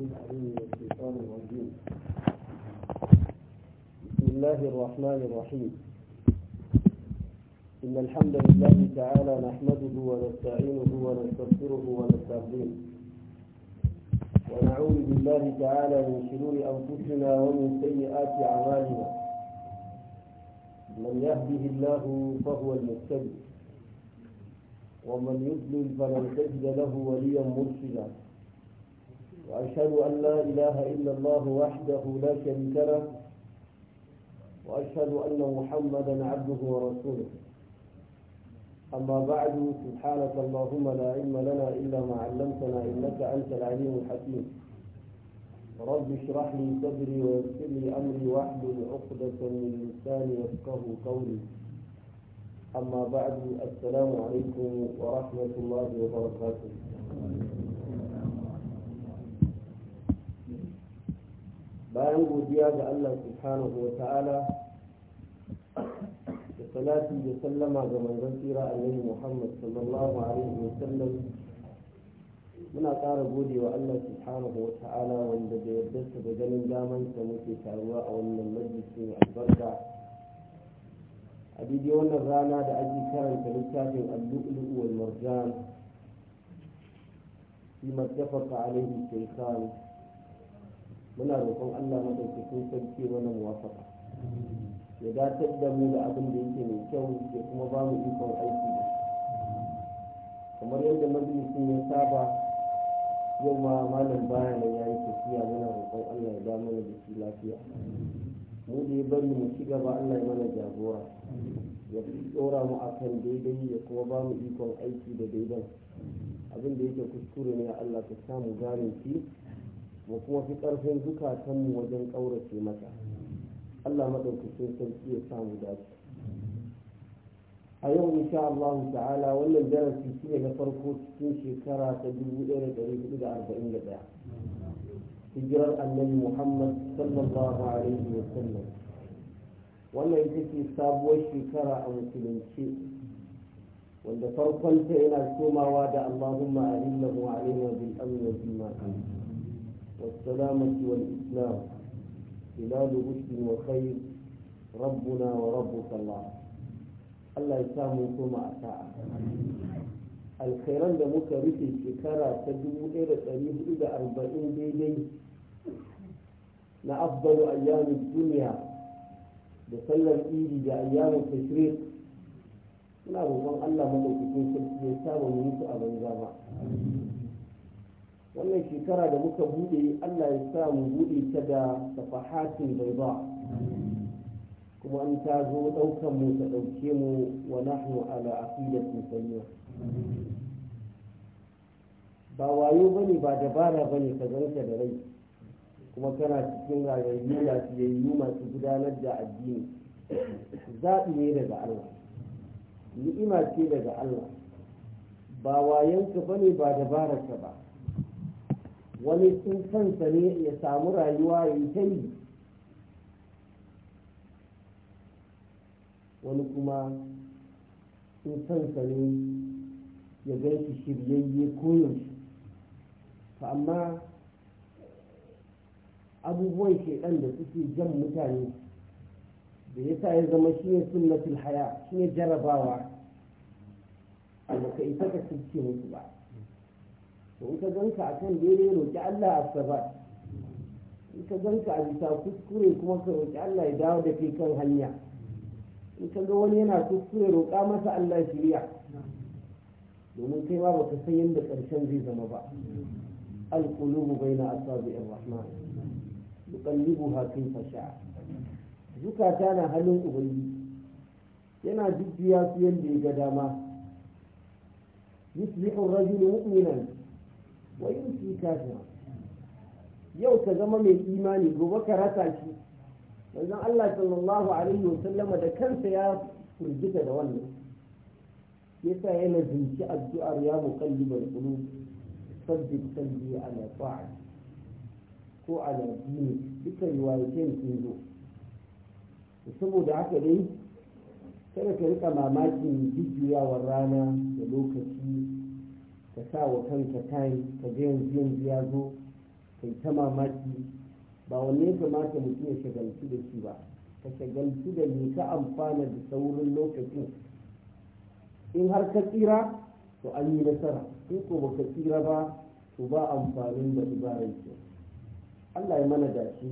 بسم الله الرحمن الرحيم إن الحمد لله تعالى نحمده ونستعينه ونستغفره ونستهديه ونعوذ بالله تعالى من شرور أنفسنا ومن سيئات أعمالنا من يهده الله فهو المهتدي ومن يضلل فلن تجد له وليا مرشدا وأشهد أن لا إله إلا الله وحده لا شريك له وأشهد أن محمدا عبده ورسوله أما بعد سبحانك اللهم لا علم لنا إلا ما علمتنا إنك أنت العليم الحكيم رب اشرح لي صدري ويسر لي أمري واحلل عقدة من لساني يفقه قولي أما بعد السلام عليكم ورحمة الله وبركاته bayan godiya ga Allah subhanahu wa ta'ala da salati da sallama ga manzon tsira annabi Muhammad sallallahu alaihi wa sallam muna ƙara gode wa Allah subhanahu wa ta'ala wanda da yardarsa da ganin ta muke taruwa a wannan majalisi albarka a daidai wannan rana da ake karanta littafin al-lu'lu'u wal marjan fi mattafaqa alaihi shaytan muna roƙon Allah san sarki mana muwafaka ya datar da mu da abin da yake mai kyau ya kuma ba mu ikon aiki da kamar yadda majalisin ya saba yau ma malam baya nan ya yi tafiya muna roƙon Allah ya ba mana da shi lafiya mu da ya bari mu ci gaba Allah ya mana jagora ya tsora mu akan daidai ya kuma ba mu ikon aiki da daidai. abin da yake kuskure ne Allah ka samu garin shi mu kuma fi ƙarfin zukatanmu wajen ƙaurace mata Allah maɗaukacin sarki ya samu dace a yau insha Allah ta'ala wannan darasi shi ne na farko cikin shekara ta 1441 hijirar annabi Muhammad sallallahu alaihi wa sallam wannan ita ce sabuwar shekara a musulunci wanda farkonta yana komawa da Allahumma alimnahu alaihi wa bil amri wa bil والسلامة والإسلام بلاد رشد وخير ربنا وربك الله الله يسامو ثم أتاع الخيران ده الشكرة تدو إلى تريد إلى أربعين بيلي لأفضل أيام الدنيا بسلم إيدي بأيام التشريق لا رضا الله ممكن يكون في الإسلام ونيت أبو wannan shekara da muka bude Allah ya sa mu bude ta da safahatin baiba kuma an ta zo daukan mu ta dauke mu wa nahnu ala aqidatin sayyid ba wayo bane ba dabara bane ka zanta da rai kuma kana cikin rayayyu lafiyayyu masu gudanar da addini zaɓi ne daga Allah ni'ima ce daga Allah ba wayanka bane ba dabararka ba wani sun kansa ne ya samu rayuwa ya yi ta yi wani kuma sun kansa ne ya gan shi shiryayye koyaushe to amma abubuwan shaidan da suke jan mutane da ya sa ya zama shi ne sunnatul haya shi ne jarabawa a ka isa ka musu ba in ka zanka a kan daidai roƙi Allah a sabat in ka zanka a bisa kuskure kuma ka roƙi Allah ya dawo da kai kan hanya in ka ga wani yana kuskure roƙa masa Allah shirya domin kai ma baka san yadda ƙarshen zai zama ba alqulubu baina asabi'ir rahman yuqallibuha kayfa sha'a zukata na halin ubangi yana jujjuya su yadda ya ga dama yusbihu rajulu mu'minan wa kafin kafin yau ka zama mai imani gobe ka rasa shi manzon Allah sallallahu alaihi wasallama da kansa ya furgita da wannan yasa yana zinci addu'ar ya kulu sabbin sabbit qalbi a ta'ati ko ala dini duka riwayatai sun zo saboda haka dai kada ka rika mamakin jujjuyawar rana da lokaci ka sa wa kanka time ka je yanzu yanzu ya zo yi ta mamaki ba wanne ya kamata mutum ya shagaltu da shi ba ka shagaltu da me ka amfana da saurin lokacin in har ka tsira to an yi nasara in ko ka tsira ba to ba amfanin da ibarai ke Allah ya mana dace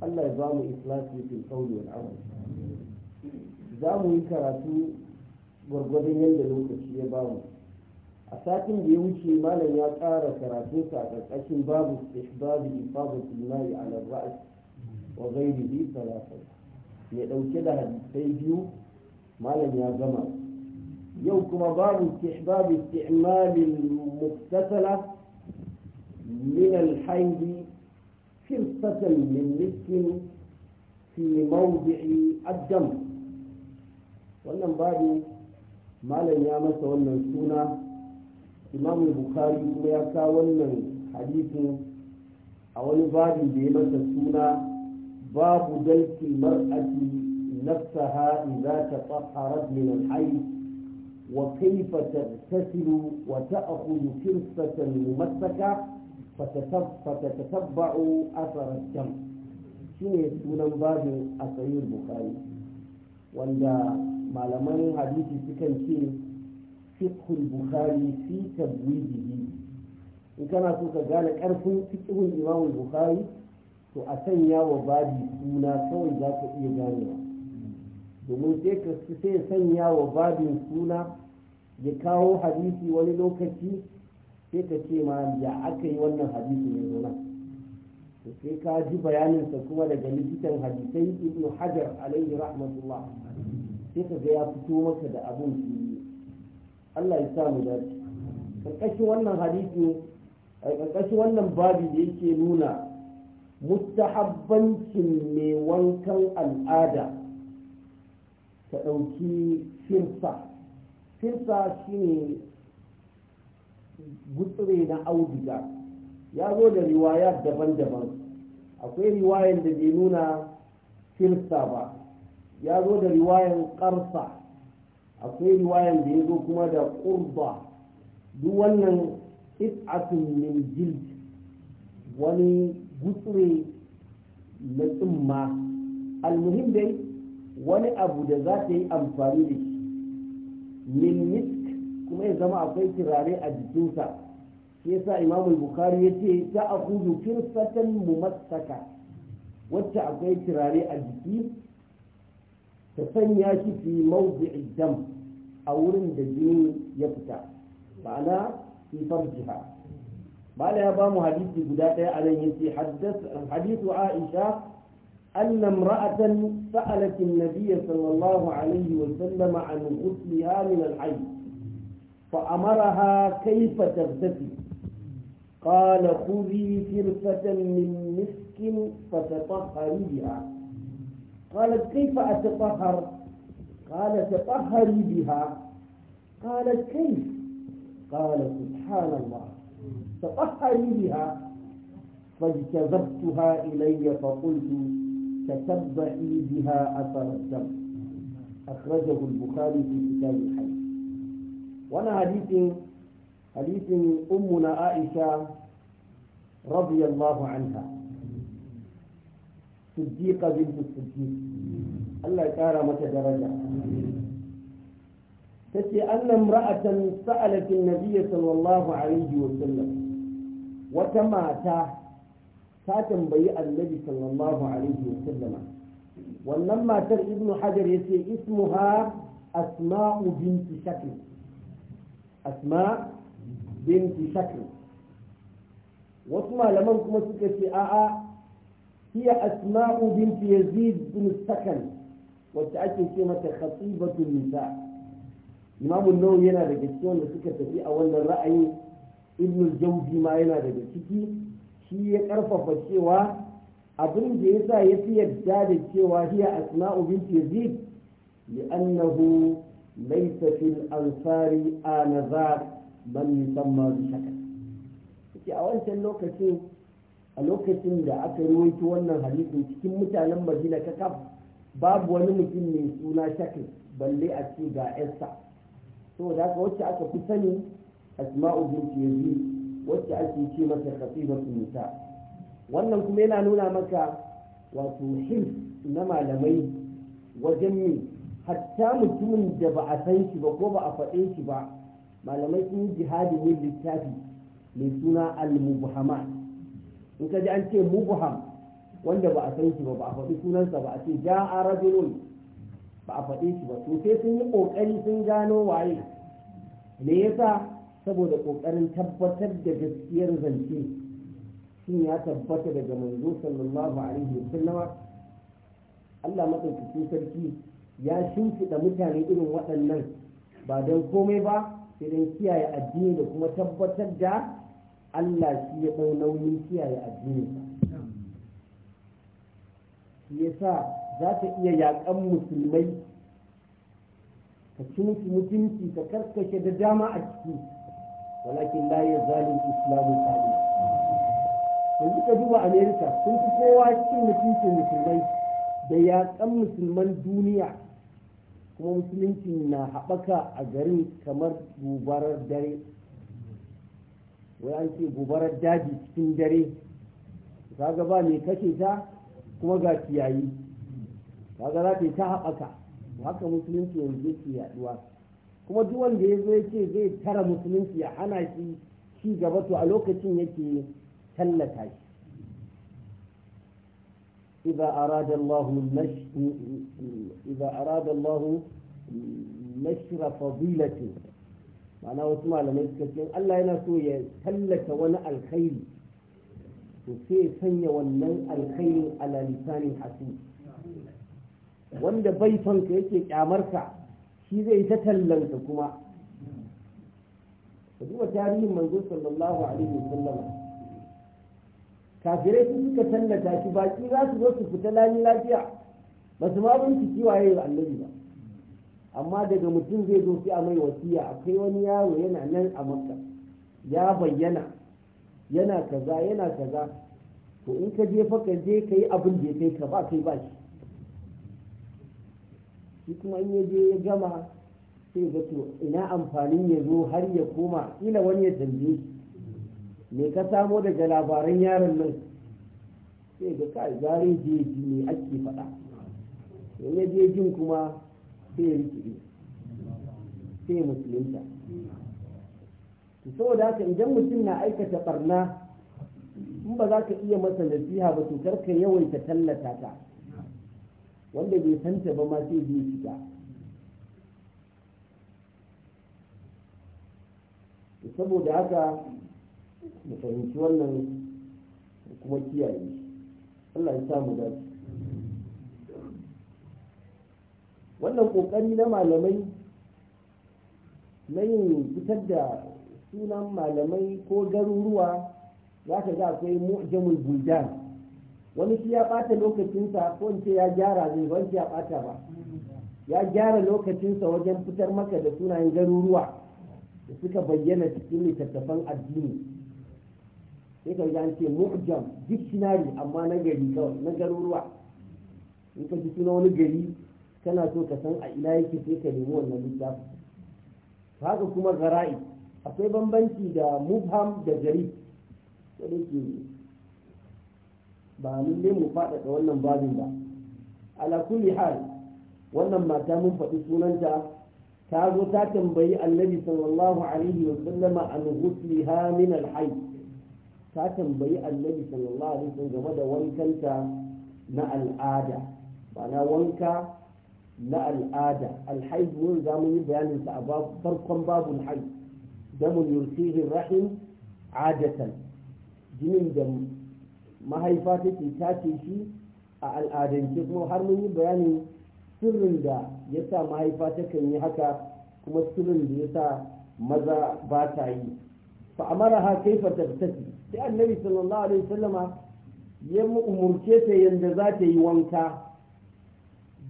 Allah ya ba mu ikhlasi fil qawli wal amal za mu yi karatu gwargwadon yadda lokaci ya ba mu a satin da ya wuce malam ya tsara karatunsa a ƙarƙashin babu istihbabi ifadatul ma'i ala ra'as wa ghairihi salatan ya ɗauke da hadisai biyu malam ya zama yau kuma babu istihbabi isti'malil muftasala min al-hayd firsatan min miskin fi mawdi'i ad wannan babu malam ya masa wannan suna imamu bukari kuma ya sa wannan hadisin a wani babin da ya masa suna babu dalki mar'ati nafsaha idza tatahharat min al-hayy wa kayfa taghtasilu wa ta'khudhu firsatan mumassaka fatatabba'u athara al-dam shine sunan babin a sahih bukari wanda malaman hadisi sukan ce fiqhul bukhari fi tabwidihi in kana so ka gane karfin fiqhul imam buhari to a sanya wa babi suna kawai za ka iya ganewa domin sai ka sai sanya wa babin suna ya kawo hadisi wani lokaci sai ka ce ma ya akayi wannan hadisi ya zo nan sai ka ji bayaninsa kuma daga likitan hadisai ibnu hajar alaihi rahmatullah sai ka ga ya fito maka da abin fili Allah ya sa mu dace karkashin wannan hadisi a eh, karkashin wannan babi da yake nuna mustahabbancin mai wankan al'ada ta ɗauki firsa firsa shine gutsure na auduga ya zo da riwaya daban-daban akwai riwayan da bai nuna firsa ba ya zo da riwayan ƙarsa akwai riwayan da ya zo kuma da ƙurba duk wannan is'atun min jild wani gutsure na tsumma almuhim dai wani abu da za ta yi amfani da shi min misk kuma ya zama akwai turare a jikinsa shi yasa imamul bukhari ya ce ta akudu mu mumassaka wacce akwai turare a jiki فسن ياتي في موضع الدم او عند الجنين يبتع معنا في فرجها قال يا بامو حديث بداية عليه في حدث حديث عائشة أن امرأة سألت النبي صلى الله عليه وسلم عن غسلها من الحي فأمرها كيف تغتسل قال خذي فرثة من مسك فتطهري بها قالت كيف أتطهر قال تطهري بها قالت كيف قال سبحان الله تطهري بها فاجتذبتها إلي فقلت تتبعي بها أثر الدم أخرجه البخاري في كتاب الحج وانا حديث حديث أمنا عائشة رضي الله عنها siddiqa bintu siddiq Allah ya kara mata daraja tace annan ra'atan sa'alat an-nabiy sallallahu alaihi wa sallam wata mata ta tambayi alnabi sallallahu alaihi wa sallama wannan matar ibnu hajar yace ismuha asma'u binti shakl asma binti shakl wasu malaman kuma suka ce a'a هي أسماء بنت يزيد بن السكن وتأكد كلمة خطيبة النساء إمام النووي yana daga cikin wanda suka tafi a wannan ra'ayin Ibn al-Jawzi ma yana daga ciki shi ya karfafa cewa abin da sa ya fi yadda da cewa hiya asma'u bint yazid annahu laysa fil ansari anazar man yusamma bi shakal a wancan lokacin a lokacin da aka ruwaito wannan hadisin cikin mutanen madina kakaf babu wani mutum mai suna shakir balle a ce ga esta saboda haka wacce aka fi sani asma'u binti yazid wacce ake ce mata khatibatu nisa wannan kuma yana nuna maka wato hil na malamai wajen ne hatta mutumin da ba a san shi ba ko ba a faɗe shi ba malamai sun jihadi ne littafi mai suna al-mubhamat in ka ji an ce mubham wanda ba a san shi ba ba a faɗi sunansa ba a ce ja'a rajulun ba a faɗi shi ba to sai sun yi ƙoƙari sun gano waye me yasa saboda ƙoƙarin tabbatar da gaskiyar zance shin ya tabbata daga manzo sallallahu alaihi wa sallama Allah madaukakin sarki ya shimfiɗa mutane irin waɗannan ba don komai ba sai don kiyaye addini da kuma tabbatar da Allah shi ya ɗau nauyin kiyaye addinin addini shi ya sa za ta iya yaƙan musulmai ka ci musu mutunci ka karkashe da dama a ciki walakin la ya zalim islamu sa'i. yanzu ka duba Amerika sun fi kowa cikin mutuncin musulmai da yaƙan musulman duniya kuma musulunci na haɓaka a garin kamar gubarar dare wai an ce gobarar daji cikin dare kaga ba mai kashe ta kuma ga ciyayi kaga za ta yi ta haɓaka haka musulunci yanzu yake yaduwa kuma duk wanda ya zo yace zai tara musulunci ya hana shi ci gaba to a lokacin yake tallata shi إذا أراد الله نشر إذا أراد الله نشر ma'ana wasu malamai suka ce Allah yana so ya tallata wani alkhairi to sai sanya wannan alkhairin ala lisanin hasu wanda bai son ka yake kyamarka shi zai ta tallanka kuma ka duba tarihin manzo sallallahu alaihi wasallam kafirai su suka tallata shi baki za su zo su fita lani lafiya ba su ma binciki waye annabi ba amma daga mutum zai zo a mai wasiya akwai wani yaro yana nan a makka ya bayyana yana kaza yana kaza to in ka je faka je ka yi abin da ya kai ka ba kai ba shi shi kuma in ya je ya gama sai ga to ina amfanin ya zo har ya koma ila wani ya tambaye me ka samo daga labaran yaron nan sai ga kai zare je ne ake faɗa in ya jin kuma sai ya rikide sai ya musulunta saboda haka idan mutum na aikata barna in ba za ka iya masa nasiha ba to karka yawaita tallata ta wanda bai santa ba ma sai zai shiga saboda haka mu fahimci wannan kuma kiyaye Allah ya samu dace wannan ƙoƙari na malamai na yin fitar da sunan malamai ko garuruwa za ka ga akwai mu'jamul buldan wani shi ya ɓata lokacinsa ko in ce ya gyara zai ban ya ɓata ba ya gyara lokacinsa wajen fitar maka da sunayen garuruwa da suka bayyana cikin littattafan addini sai ka ga an ce mu'jam dictionary amma na gari na garuruwa in ka ji suna wani gari kana so ka san a ina yake sai ka nemi wannan littafin haka kuma gara'i akwai bambanci da mubham da gari ko da ke ba lalle mu faɗaɗa wannan babin ba ala kulli hal wannan mata mun faɗi sunanta ta zo ta tambayi annabi sallallahu alaihi wa sallama an ghusliha min al-hayy ta tambayi annabi sallallahu alaihi wa sallam game da wankanta na al'ada ba na wanka na al'ada alhaif mun bayaninsa yi bayanin a farkon babu alhaif damun yursihi rahim adatan jinin da mahaifa take tace shi a al'adance kuma har mun yi bayanin sirrin da ya sa mahaifa takan yi haka kuma sirrin da ya sa maza ba ta yi fa amara ha kaifa tabtasi sai annabi sallallahu alaihi wasallama ya umurce ta yanda za ta yi wanka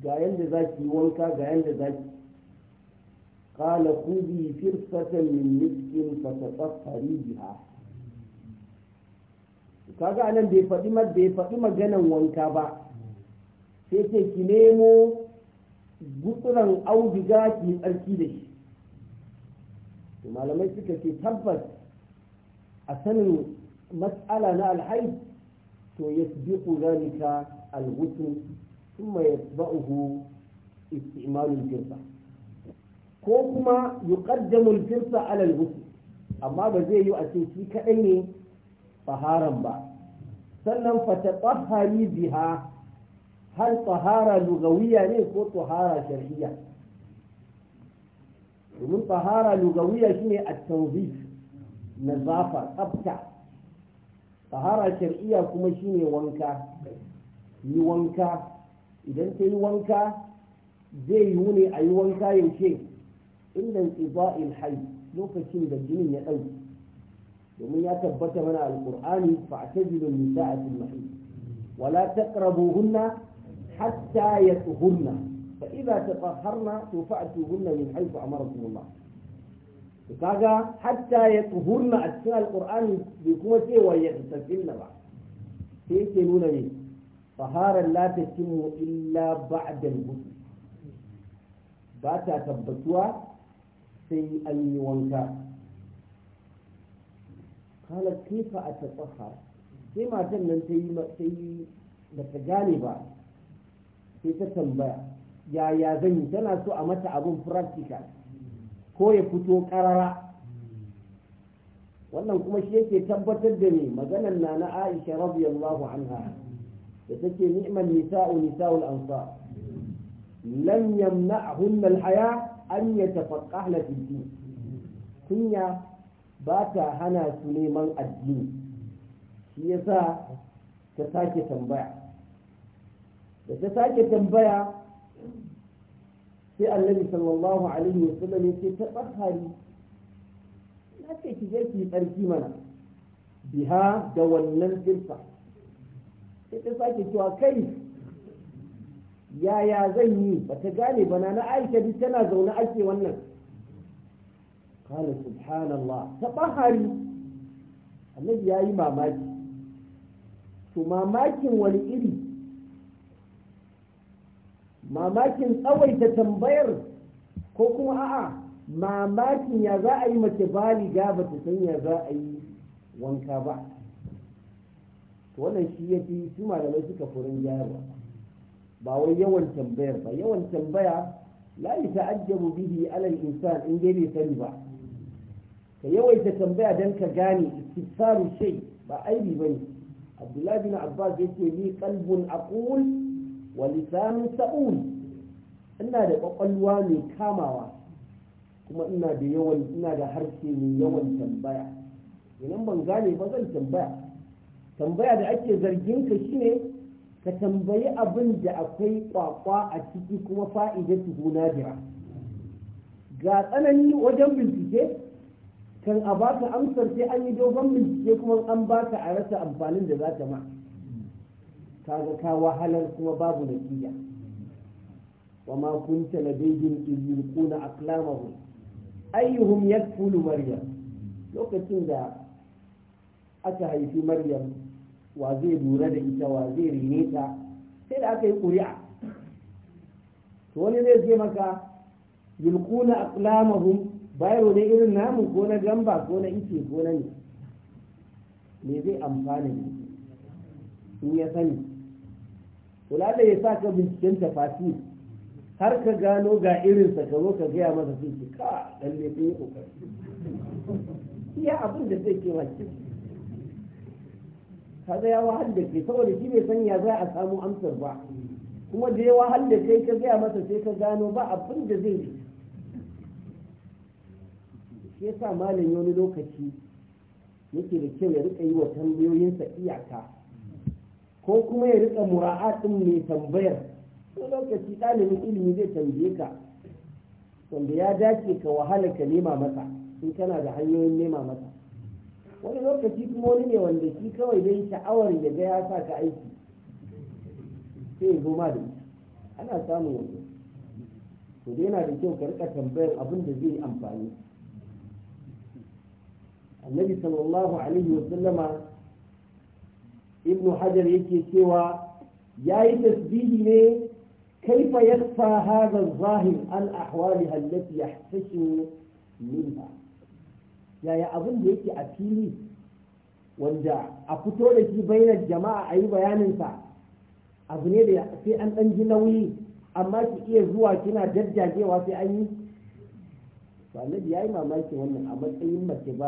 ga yadda za ki yi wanka ga yadda za ki kala kubi firsatan min miskin fatatsari biha kaga anan bai faɗi bai faɗi maganan wanka ba sai ce ki nemo gutsuran auduga ki tsarki da shi malamai suka ce tabbas a sanin matsala na alhaif to ya fi zalika alhutu thumma yatba'uhu istimalul firsa ko kuma yuqaddamul firsa ala al-ghusl amma ba zai yi a ce kaɗai kadai ne taharan ba sannan fatatahari biha hal tahara lugawiya ne ko tahara shar'iyya domin tahara lugawiya shine at na nazafa tsafta tahara shar'iyya kuma shine wanka yi wanka idan ta yi wanka zai yi wuni a yi wanka yaushe inda tsiba'il hai lokacin da jinin ya ɗauki domin ya tabbata mana alkur'ani fa a tajilun nisa a filmahi wala taqrabuhunna hatta yatuhunna fa idza tatahharna to fa'tuhunna min haythu amarakum Allah kaga hatta yatuhunna a cikin alkur'ani bai kuma cewa ya tafinna ba sai yake nuna ne taharar la tatimu illa ba'da al-wudu Bata tabbatuwa sai an yi wanka kala kifa a tatsahar sai matan nan ta yi ba ta gane ba sai ta tambaya yaya zan yi tana so a mata abin practical ko ya fito karara wannan kuma shi yake tabbatar da ne maganar na na aisha radiyallahu anha da take ni'man nisa'u nisa'ul ansar lam yamna'hunna alhaya an yatafaqqahna fi din kunya ba ta hana su neman addini shi yasa ta sake tambaya da ta sake tambaya sai annabi sallallahu alaihi wasallam ya ce ta tsakari na ce ki je ki tsarki mana biha da wannan tsirsa sai ta sake cewa kai yaya zan yi ba ta gane ba na aisha duk tana zaune ake wannan kala subhanallah ta bahari annabi ya yi mamaki to mamakin wani iri mamakin tsawaita tambayar ko kuma a'a mamakin ya za a yi mace baliga ba ta san ya za a yi wanka ba wannan shi ya fi su malamai suka furin jayarwa ba wai yawan tambayar ba yawan tambaya la yi ta'ajjabu bihi alal insan in dai bai sani ba ka yawaita tambaya dan ka gane istifsaru shay ba aibi bane abdullahi bin abbas yace ni qalbun aqul wa lisanun sa'ul ina da kwakwalwa mai kamawa kuma ina da yawan ina da harshe mai yawan tambaya idan ban gane ba zan tambaya tambaya da ake zargin ka ne ka tambayi abin da akwai kwakwa a ciki kuma fa'ida fa'idatu nadira ga tsanani wajen bincike kan a ka amsar sai an yi dogon bincike kuma an ba ka a rasa amfanin da za ta ma kaga ka wahalar kuma babu natija wa ma kunta kuna a yulquna ayyuhun ayyuhum yakfulu maryam lokacin da aka haifi maryam wa zai lura da ita wa zai rine ta sai da aka yi ƙuri'a to wani zai ce maka yulkuna aqlamahum bayo ne irin namu ko na gamba ko na ice ko na ne me zai amfana ne in ya sani kula da ya sa ka binciken tafasi har ka gano ga irinsa ka zo ka gaya masa sai ka lalle sun yi kokari iya abin da zai ke maki kaga ya wahal da ke saboda shi bai sanya za a samu amsar ba kuma da ya wahal da kai ka gaya masa sai ka gano ba abin da zai yi shi yasa malam wani lokaci yake da kyau ya rika yi wa tambayoyinsa iyaka ko kuma ya rika mura'atin mai tambayar ko lokaci ɗalibin ilimi zai tambaye ka wanda ya dace ka wahala ka nema masa in kana da hanyoyin nema masa wani lokaci kuma wani ne wanda shi kawai dai sha'awar ya ga ya sa ka aiki sai ya ma da ita ana samun wani to da yana da kyau ka rika tambayar abin da zai amfani annabi sallallahu alaihi wa sallama ibn hajar yake cewa yayi tasbihi ne kaifa yakfa hadha zahir an ahwaliha allati yahtashu minha yaya abin da yake a fili wanda a fito da shi bayanar jama'a a yi bayaninsa abu ne da sai an ɗan ji nauyi amma ki iya zuwa kina jajjagewa sai an yi to ya yayi mamaki wannan a matsayin mace ba.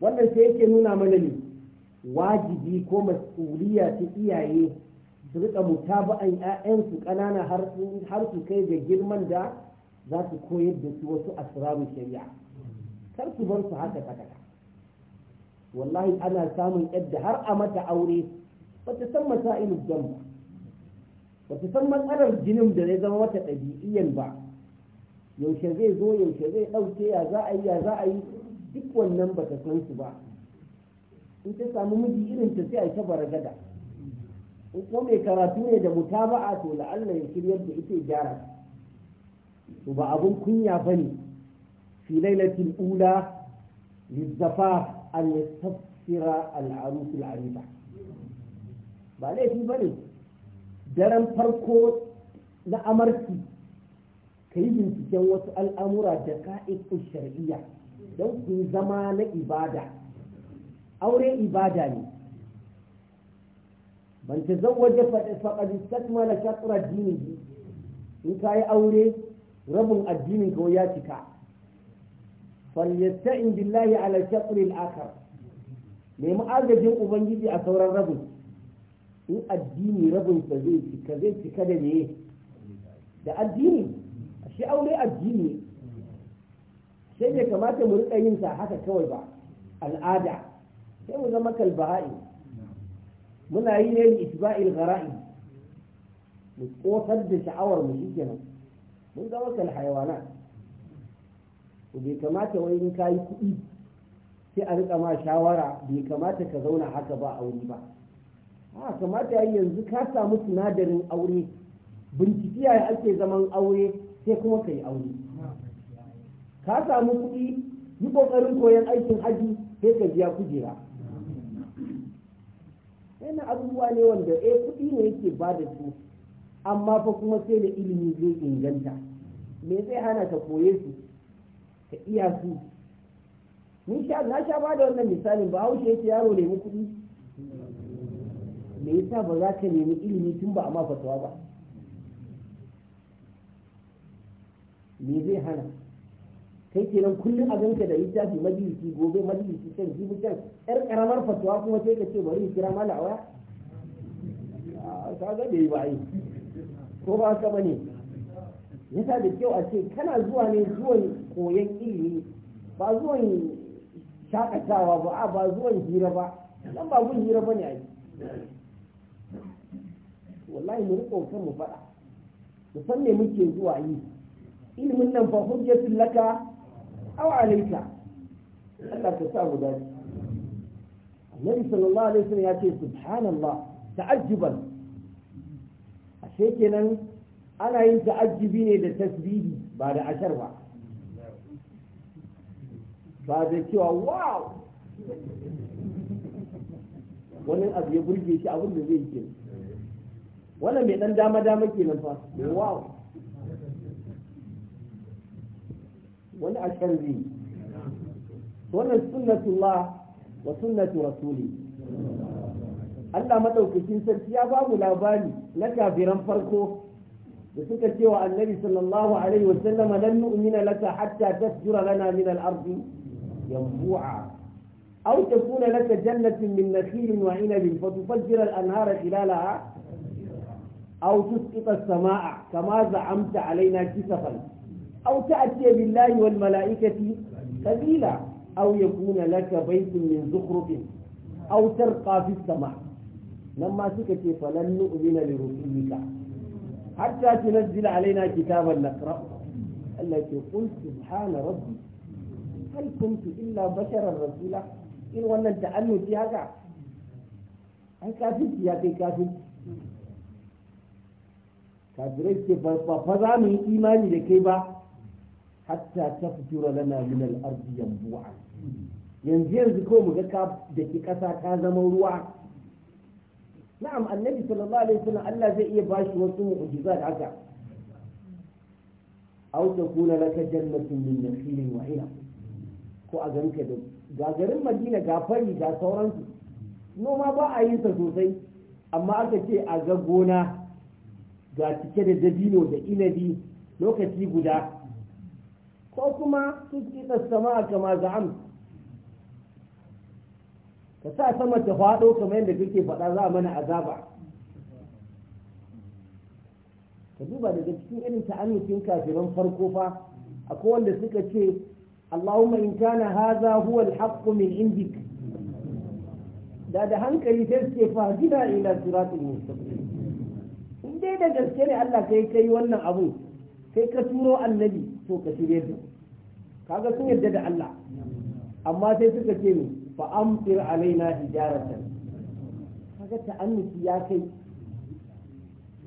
wannan sai yake nuna mana ne wajibi ko mas'uliya ta iyaye su rika mutaba'an 'ya'yansu ƙanana har su kai ga girman da za su koyar da su wasu asirarun shari'a kar su bar su haka sakaka wallahi ana samun yadda har a mata aure ba ta san masa'ilu jam ba ba ta san matsalar jinin da zai zama mata ɗabi'iyan ba yaushe zai zo yaushe zai ɗauke ya za a yi ya za a yi duk wannan ba ta san su ba in ta samu miji irin ta sai a ta gada. in ko mai karatu ne da mutaba'a to la'alla ya shiryar da ita gyara to ba abun kunya ba ne في ليلة الأولى للزفاف أن يستفسر العروس العريضة ba laifi ba ne daren farko na amarki ka yi binciken wasu al'amura da ka'ikun shari'a don ku zama na ibada aure ibada ne ban ta zawaje faɗi stakmala shakura dini in ka yi aure rabin addinin ka ya cika falyasta'in billahi ala shatr al-akhar nemi agajin ubangiji a sauran rabin in addini rabin sa zai cika zai cika da me da addini shi aure addini sai bai kamata mu rika yin sa haka kawai ba al'ada sai mu zama kalbaha'i muna yi ne isba'il ghara'i mu kosar da sha'awar mu kenan mun zama kal hayawana bai kamata wai in kayi kuɗi sai a rika ma shawara bai kamata ka zauna haka ba a aure ba a kamata yanzu ka samu sinadarin aure bincike ya ake zaman aure sai kuma ka yi aure ka samu kuɗi yi ƙoƙarin koyon aikin haji sai ka biya kujera yana abubuwa ne wanda eh kuɗi ne yake ba da su amma fa kuma sai da ilimi zai inganta me zai hana ka koye su ka iya su ni sha na sha ba da wannan misalin ba haushe yake yaro nemi kuɗi me yasa ba za ka nemi ilimi tun ba a ma fatawa ba me zai hana kai kenan kullum a ganka da littafi majalisi gobe majalisi can jibi can yar karamar fatawa kuma sai ka ce bari in kira mala waya ah, ka ga bai ba yi ko ba haka bane yasa da kyau a ce kana zuwa ne zuwan koyon ilimi ba zuwan shakatawa ba a ba zuwan hira ba nan ba gun hira ba ne a yi wallahi mu riƙo kan mu faɗa mu san me muke zuwa yi ilimin nan fa hujjatul laka aw alayka Allah ta sa mu dace Annabi sallallahu alaihi wasallam ya ce subhanallah ta'ajjuban ashe kenan ana yin ta'ajjibi ne da tasbihi ba da ashar ba ba da cewa wow wani abu ya burge shi abin da zai ke wannan mai dan dama dama ke nan fa wow wani ashar zai wannan sunnatullah wa sunnatu rasuli Allah madaukakin sarki ya ba mu labari na kafiran farko da suka cewa annabi sallallahu alaihi wa sallama lan nu'mina laka hatta tasjura lana min al أو تكون لك جنة من نخيل وعنب فتفجر الأنهار خلالها أو تسقط السماء كما زعمت علينا كسفا أو تأتي بالله والملائكة سبيلا أو يكون لك بيت من زخرف أو ترقى في السماء لما سكت فلن نؤمن لرسولك hatta tunzil alaina kitaban naqra Allah ke qul subhana rabbi hal kuntu illa basharan rasula in wannan ta'annuti haka ai kafirci ya kai kafirci kafirai ce ba za mu yi imani da kai ba hatta ta fitura lana min al-ardi yanzu yanzu ko mu ga ka da zama ruwa na'am annabi sallallahu alaihi wasallam Allah zai iya bashi wasu da haka aw takuna laka jannatun min nakhilin wa inab ko a ganka da gagarin Madina ga fari ga sauransu noma ba a yin sa sosai amma aka ce a ga gona ga cike da dabino da inabi lokaci guda ko kuma sun sama kama za'am ka sa sama ta faɗo kamar yadda kake faɗa za a mana azaba ka duba daga cikin irin ta'annukin kafiran farko fa akwai wanda suka ce Allahumma in kana hadha huwa al min indik da da hankali sai suke fahina ila siratul mustaqim in dai da gaske ne Allah kai kai wannan abu kai ka turo annabi to ka shirye ka kaga sun yarda da Allah amma sai suka ce ni fa amtir alaina hijaratan kaga ta'annuti ya kai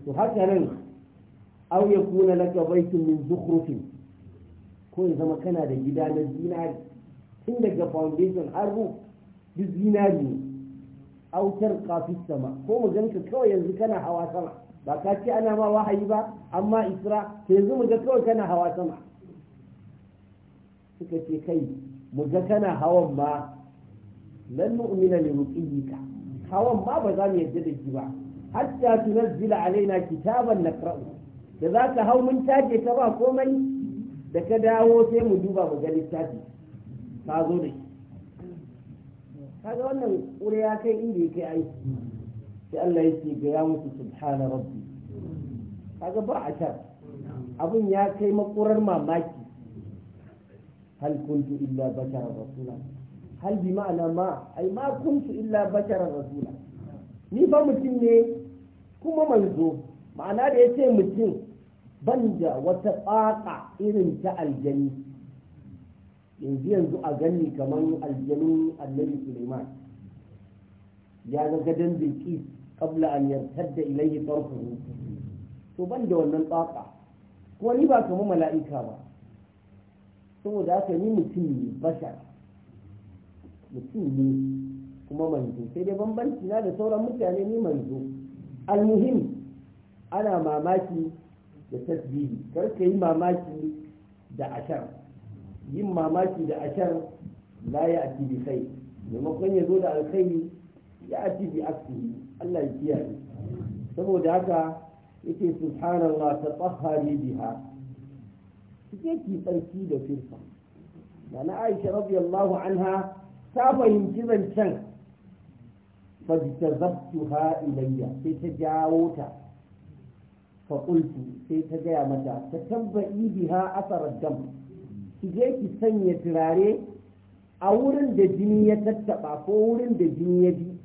to haka nan aw kuna laka baytun min zukhrufin ko ya zama kana da gida na zinari tun daga foundation har roof duk zinari ne autar kafin sama ko mu ganka kawai yanzu kana hawa sama ba ka ce ana ma wahayi ba amma isra to yanzu mu ga kawai kana hawa sama suka ce kai mu ga kana hawan ma lan nu'mina li ruqiyika hawan ma ba za mu yadda da shi ba hatta tunzila alaina kitaban naqra'u da za ka hau mun tace ta ba komai da ka dawo sai mu duba mu ga littafi ka zo da shi kaga wannan ƙure ya kai inda ya kai sai Allah ya ce ga ya mutu subhana rabbi kaga ba a can abin ya kai makurar mamaki hal kuntu illa bashara rasulullah hal bi ma'ana ma ai ma kuntu illa bashara rasula ni fa mutum ne kuma manzo ma'ana da yace mutum banda wata tsaka irin ta aljani yanzu yanzu a gani kamar aljani annabi suleiman ya ga gadon biki kabla an yartadda ilayhi tarfuhu to ban da wannan tsaka kuma ni ba kamar mala'ika ba saboda haka ni mutum ne bashar mutum ne kuma manzo sai dai bambanci na da sauran mutane ni manzo almuhim ana mamaki da tasbihi kar ka yi mamaki da ashar yin mamaki da ashar la ya ati bi kai maimakon ya zo da alkhairi ya ati bi aksihi Allah ya kiyaye saboda haka yake subhanallah ta tsahari biha kike ki tsarki da firfa Da na Aisha radiyallahu anha ta fahimci zancen fajtazabtuha ilayya sai ta jawo ta fa sai ta gaya mata ta tabbai biha asarar dam ki je ki sanya turare a wurin da jini ya tattaba ko wurin da jini ya bi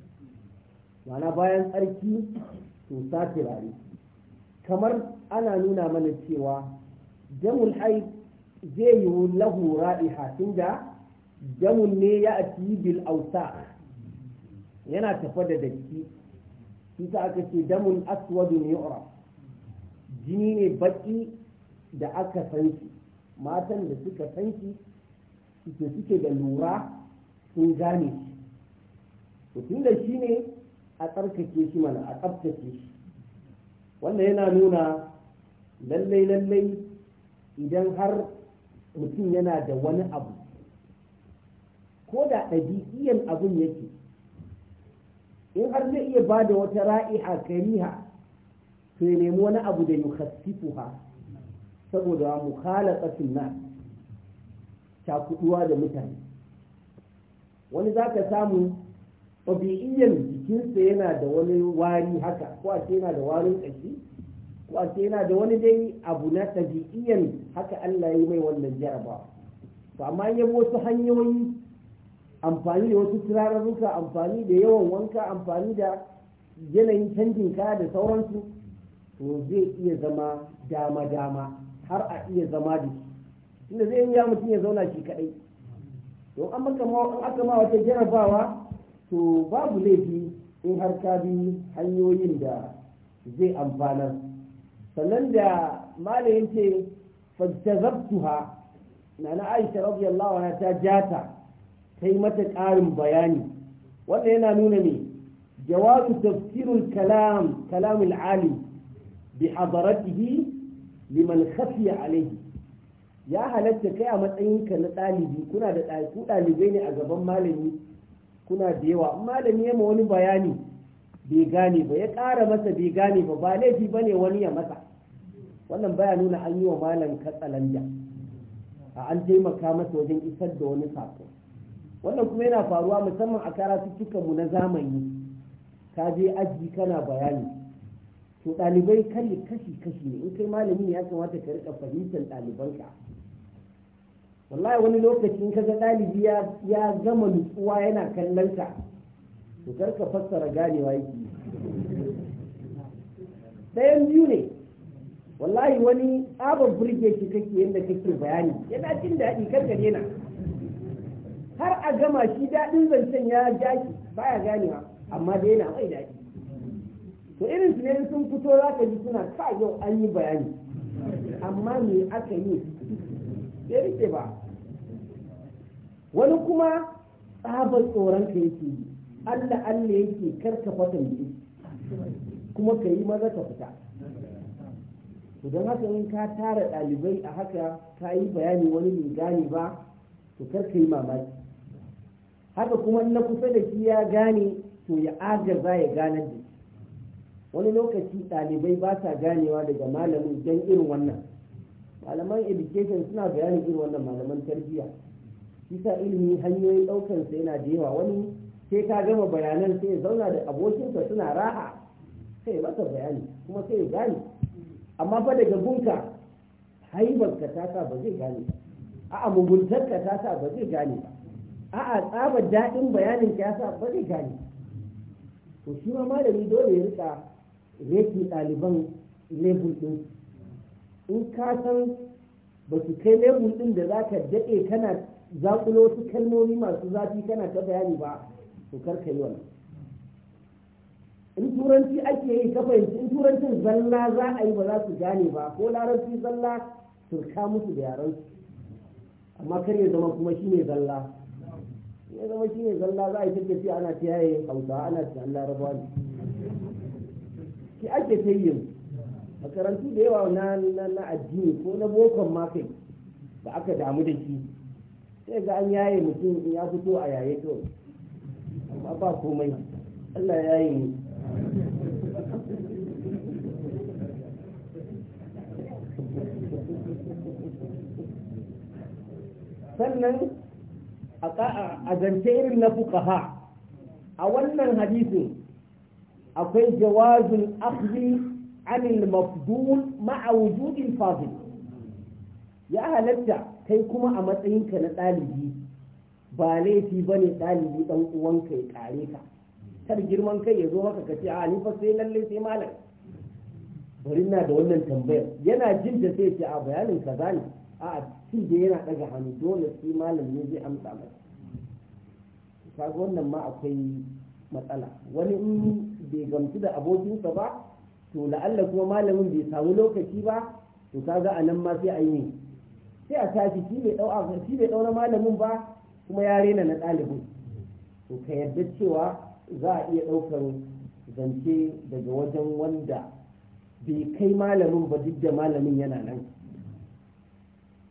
mana bayan tsarki to sa turare kamar ana nuna mana cewa jamul haif zai yi lahu ra'iha da jamun ne ya ati bil ausa yana tafa da datti shi sa aka ce damun aswadun yu'ra jini ne baki da aka san shi matan da suka san shi suke suke da lura sun gane shi tun da shi ne a tsarkake shi mana a tsabtace shi wannan yana nuna lallai lallai idan har mutum yana da wani abu ko da ɗabi'iyan abin yake in har zai iya ba da wata ra'iha kariha to ya nemi wani abu da ha, saboda ƙasin na cakuduwa da mutane wani za ka samu ɗabi'iyan jikinsa yana da wani wari haka ko a yana da warin ƙashi ko a yana da wani dai abu na ɗabi'iyan haka Allah ya yi mai wannan jarabawa to amma ya wasu hanyoyi amfani da wasu turarurruka amfani da yawan wanka amfani da yanayin canjin kaya da sauransu to zai iya zama dama-dama har a iya zama da su. inda zai yi mutum ya zauna shi kadai To an aka ma wata jarabawa to babu laifi in har ka bi hanyoyin da zai amfanar sannan da malayin ce fajtazabtuha na na aisha rabiyallahu anha ta jata ta yi mata ƙarin bayani wannan yana nuna ne jawabu tafsirul kalam kalamul alim bi hadaratihi liman khafiya alayhi ya halatta kai a matsayinka na ɗalibi kuna da ɗalibai ne a gaban malami kuna da yawa malami ya wani bayani bai gane ba ya ƙara masa bai gane ba ba laifi ba ne wani ya masa wannan baya nuna an yi wa malam katsalanja a an taimaka masa wajen isar da wani sako wannan kuma yana faruwa musamman a karatuttukan mu na zamani ka je aji kana bayani to ɗalibai kalli kashi kashi ne in kai malami ne ya kamata ka rika fahimtar ɗalibanka wallahi wani lokacin kaga ɗalibi ya gama nutsuwa yana kallon ka to ka fassara ganewa yake ɗayan biyu ne wallahi wani tsabar burge shi kake yadda kake bayani yana jin daɗi karka daina har a gama shi daɗin zancen ya ja ya baya ganewa amma da yana mai daɗi to irin su ne sun fito za ka ji suna ka yau an yi bayani amma me aka yi ya rike ba wani kuma tsabar tsoron ka yake yi Allah Allah yake karka fatan biyu kuma ka yi maza ka fita to don haka in ka tara ɗalibai a haka ka yi bayani wani bai gane ba to karka yi mamaki haka kuma na kusa da shi ya gane to ya agaza ya gane da wani lokaci ɗalibai ba sa ganewa daga malamin don irin wannan malaman education suna bayanin irin wannan malaman tarbiyya Kisa ilimi hanyoyin ɗaukansa yana da yawa wani sai ka gama bayanan sai ya zauna da abokinsa suna raha sai masa bayani kuma sai ya gane amma fa daga bunka haibarka ta sa ba zai gane ba a'a muguntarka ta sa ba zai gane ba a'a tsaba daɗin bayanin ya sa ba zai gane to shi ma malami dole ya rika reki ɗaliban level ɗin in ka san ba su kai level ɗin da za ka daɗe kana zaƙulo su kalmomi masu zafi kana ta bayani ba to kar ka yi wannan in turanci ake yi ka fahimci in turancin zalla za a yi ba za su gane ba ko larabci zalla turka musu da yaran amma kar ya zama kuma shi ne zalla ya zama shi ne zalla za a yi fi ana ta yaye hausa ana ci an larabawa ne ki ake ta yin makarantu da yawa na na addini ko na bokon ma ba aka damu da shi sai ga an yaye mutum in ya fito a yaye to amma ba komai Allah ya yi mu sannan a zance irin na fukaha a wannan hadisin akwai jawazin afri anil mafdul ma'a wujudil fadil ya halatta kai kuma a matsayinka na ɗalibi ba laifi ba ne ɗalibi ɗan uwanka ya ƙare ka kar girman kai ya zo maka ka ce a ni sai lalle sai malam bari na da wannan tambayar yana jin da sai ce a bayanin kaza ne a ci da yana daga hannu dole sai malam ne zai amsa mai kaga wannan ma akwai matsala wani in bai gamsu da abokinsa ba to la'alla kuma malamin bai samu lokaci ba to kaga a nan ma sai a yi sai a tafi shi bai dau shi bai daura malamin ba kuma ya rena na ɗalibin to ka yarda cewa za a iya ɗaukar zance daga wajen wanda bai kai malamin ba duk da malamin yana nan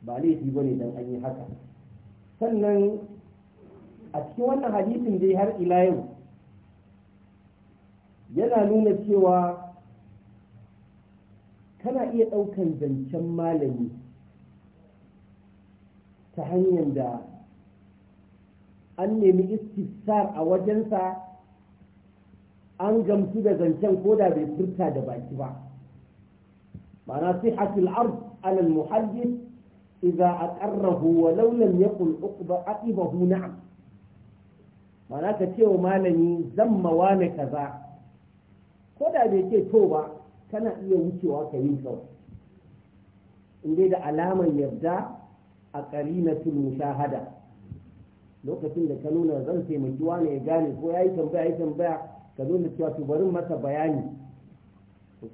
ba laifi bane don an yi haka sannan a cikin wannan hadisin dai har ila yau yana nuna cewa kana iya ɗaukan zancen malami ta hanyar da an nemi istisar a wajensa an gamsu da zancen ko da bai furta da baki ba ma'ana sai hasil arz alal muhaddis a aqarrahu wa law lam yakun uqba aqibahu Ba mana ka ce wa malami zan mawane kaza ko da bai ce to ba kana iya wucewa ka yi kawai in dai da alamar yarda a karinatul shahada lokacin da ka nuna zan taimaki wani ya gane ko ya yi tambaya ya tambaya ka zo da cewa barin masa bayani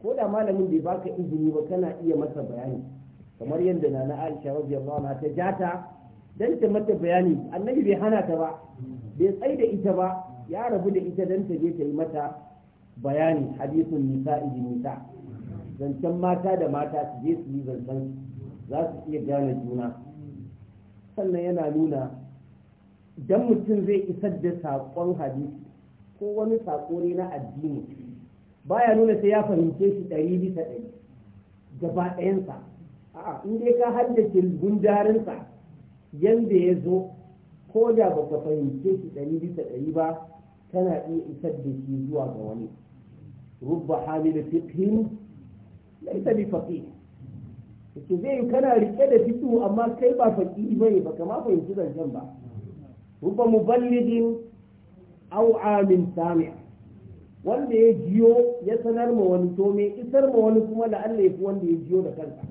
ko da malamin bai baka izini ba kana iya masa bayani kamar yadda na na aisha radiyallahu na ta jata dan ta mata bayani annabi bai hana ta ba bai tsai da ita ba ya rabu da ita dan ta je ta yi mata bayani hadithun nisa'i nisa zancen mata da mata su je su yi zancen za su iya gane juna sannan yana nuna dan mutum zai isar da saƙon hadisi ko wani saƙo ne na addini baya nuna sai ya fahimce shi ɗari bisa ɗari gaba ɗayansa a'a in dai ka haddace gundarinsa yanda ya zo ko da ba ka fahimce shi ɗari bisa ɗari ba tana iya isar da shi zuwa ga wani rubba hamilu fiqhin laisa bi faqih yake zai yi kana rike da fito amma kai ba faqih bane ba kama fahimci zancen ba rubba muballighin aw amin sami' wanda ya jiyo ya sanar ma wani to me isar ma wani kuma da Allah ya fi wanda ya jiyo da kansa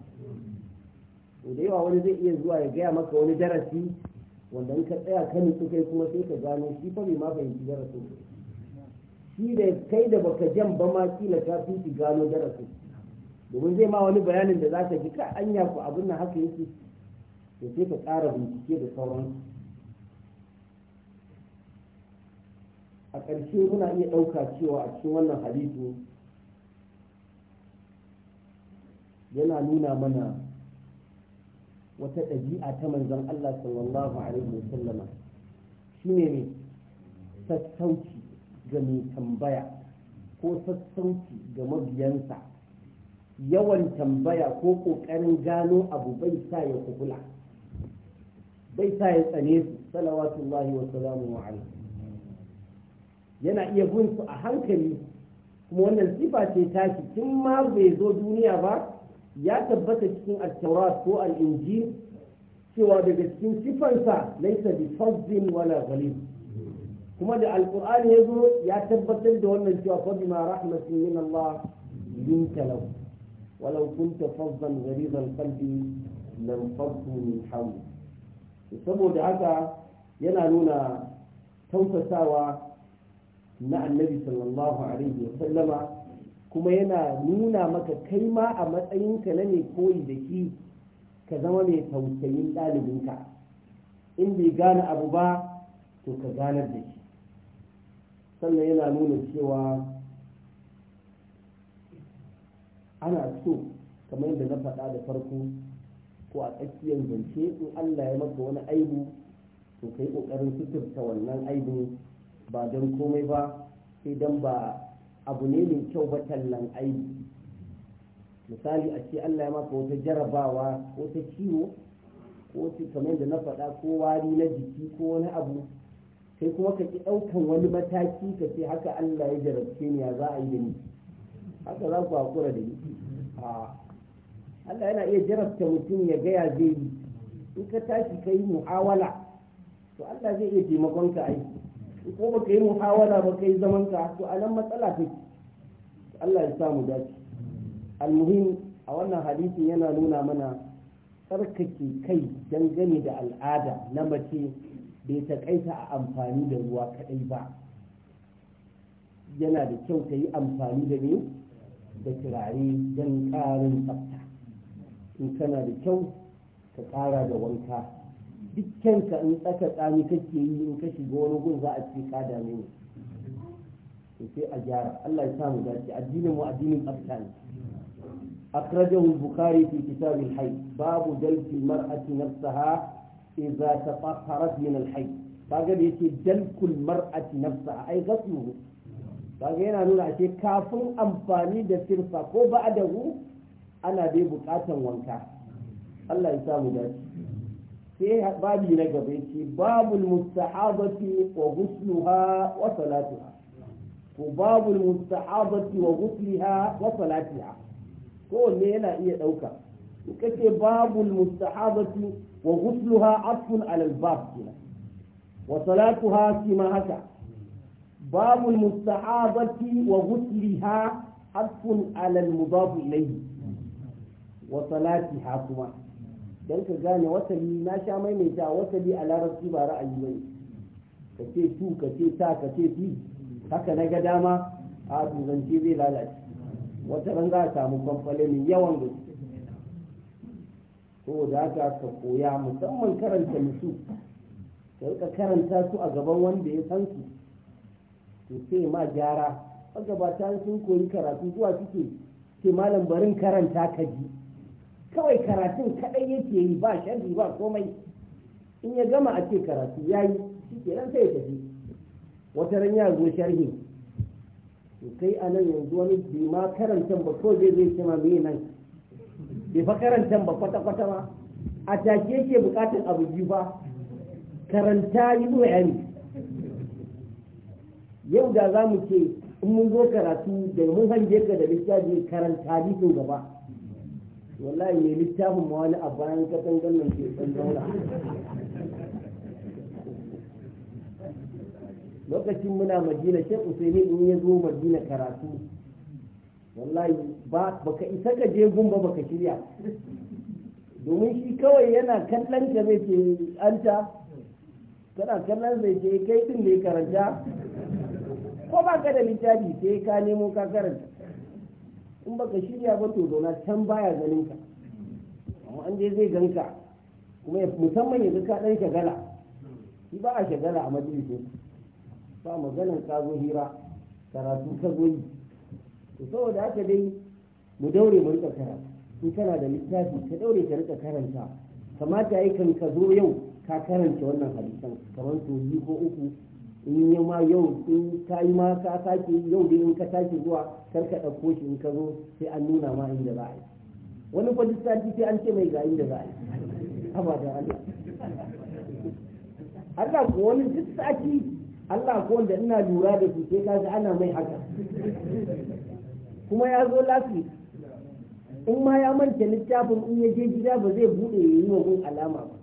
to da yawa wani zai iya zuwa ya gaya maka wani darasi wanda in ka tsaya ka nutsu kai kuma sai ka gano shi fa bai ma fahimci darasin shi da kai da baka jan ba ma kila ka fi shi gano darasin domin zai ma wani bayanin da za ka ji ka anya ku abin nan haka yake to sai ka ƙara bincike da sauran a ƙarshe muna iya ɗauka cewa a cikin wannan hadisi yana nuna mana wata ɗabi'a ta manzon Allah sallallahu alaihi wasallama shine ne sassauci ga mai tambaya ko sassauci ga mabiyansa yawan tambaya ko ƙoƙarin gano abu bai sa ya kukula bai sa ya tsane su salawatullahi wa salamu wa yana iya bin su a hankali kuma wannan sifa ce tashi tun ma bai zo duniya ba ya tabbata cikin al-taurat ko al-injil cewa daga cikin sifansa laisa bi fazzin wala ghalib kuma da alqur'ani ya zo ya tabbatar da wannan cewa fa bima rahmatin min Allah linta law walau kunta fazzan ghalibal qalbi lam faddu min hawli saboda haka yana nuna tausasawa na annabi sallallahu alaihi wa sallama kuma yana nuna maka kai ma a matsayinka na mai koyi da shi ka zama mai tausayin ɗalibinka in bai gane abu ba to ka ganar da shi sannan yana nuna cewa ana so kamar yadda na faɗa da farko ko a tsakiyar zance in allah ya maka wani aibu to ka yi ƙoƙarin suturta wannan aibu ba don komai ba sai don ba abu ne mai kyau ba tallan aiki misali a ce Allah ya maka wata jarabawa ko ta ciwo ko ta kamar da na faɗa ko wari na jiki ko wani abu sai kuma ka ki ɗaukan wani mataki ka ce haka Allah ya jarabce ni ya za a yi da ni haka za ku haƙura da ni Allah yana iya jarabta mutum ya gaya zai yi in ka tashi ka yi mu'awala to Allah zai iya taimakon ka aiki ko baka yi muhawara ba yi zaman ka to a nan matsala take Allah ya samu dace almuhim a wannan hadisin yana nuna mana tsarkake kai dangane da al'ada na mace bai taƙaita a amfani da ruwa kaɗai ba yana da kyau ta yi amfani da ne da turare don ƙarin tsafta in kana da kyau ka ƙara da wanka dukkanka in tsaka tsami kake yi in ka shiga wani gun za a ce ka dame ni to sai a gyara Allah ya samu dace addinin mu addinin tsafta ne Bukhari البخاري في كتاب Babu باب جلد المرأة نفسها إذا تطهرت من الحي kaga da yake dalkul mar'ati nafsa ai ghasluhu kaga yana nuna ce kafin amfani da sirfa ko ba'dahu ana dai bukatan wanka Allah ya samu dace sai babi na gaba ce babul mustahabati wa ghusluha wa salatuha ko babul mustahabati wa ghusliha wa salatiha ko ne yana iya dauka kace babul mustahabati wa ghusluha atfun ala albab kina wa salatuha kima haka babul mustahabati wa ghusliha atfun ala almudaf ilayhi wa salatiha kuma don ka gane wasali na sha maimaita wasali a larabci ba ra'ayi bane ka ce tu ka ce ta ka ce fi haka na ga dama a tuzance zai lalace wata ran za a samu kwamfale mai yawan gaske saboda haka ka koya musamman karanta musu ka rika karanta su a gaban wanda ya san su to sai ma gyara magabata sun koyi karatu zuwa suke ce malam barin karanta ka ji kawai karatun kaɗai yake yi ba sharri ba komai in ya gama a ce karatu ya yi shi ke nan sai ya tafi wata ran ya zo sharhi to kai a nan yanzu wani bai ma karanta ba ko zai zai ce ma me nan bai fa karanta ba kwata-kwata ba a take yake bukatar abu biyu ba karanta yi bayani yau da za mu ce in mun zo karatu da mun hange ka da littafi karanta hadisin gaba wallahi ne littafin ma wani a bayan katangar nan ke san daura lokacin muna madina shek usaini in ya zo madina karatu wallahi ba baka isa ka je gumba baka shirya domin shi kawai yana kallon ka zai ce anta kana kallon zai ce kai din ne karanta ko ba ka da littafi sai ka nemo ka karanta in baka shirya ba to zauna can baya ganin ka amma an dai zai ganka kuma musamman yanzu ka dan shagala shi ba a shagala a majalisin ba maganar ka zo hira karatu ka zo yi to saboda haka dai mu daure mu rika karatu in kana da littafi ka daure ka rika karanta kamata yi kan ka zo yau ka karanta wannan hadisan kamar to ko uku in yi ma yau in ka yi ma ka sake yau da in ka tashi zuwa kar ka ɗauko shi in ka zo sai an nuna ma inda za a yi wani fa sai an ce mai ga inda za a yi haba da Allah Allah ko wani duk sati Allah ko wanda ina lura da su sai kaga ana mai haka kuma ya zo lafi in ma ya manta littafin in ya je gida ba zai bude ya yi wa alama ba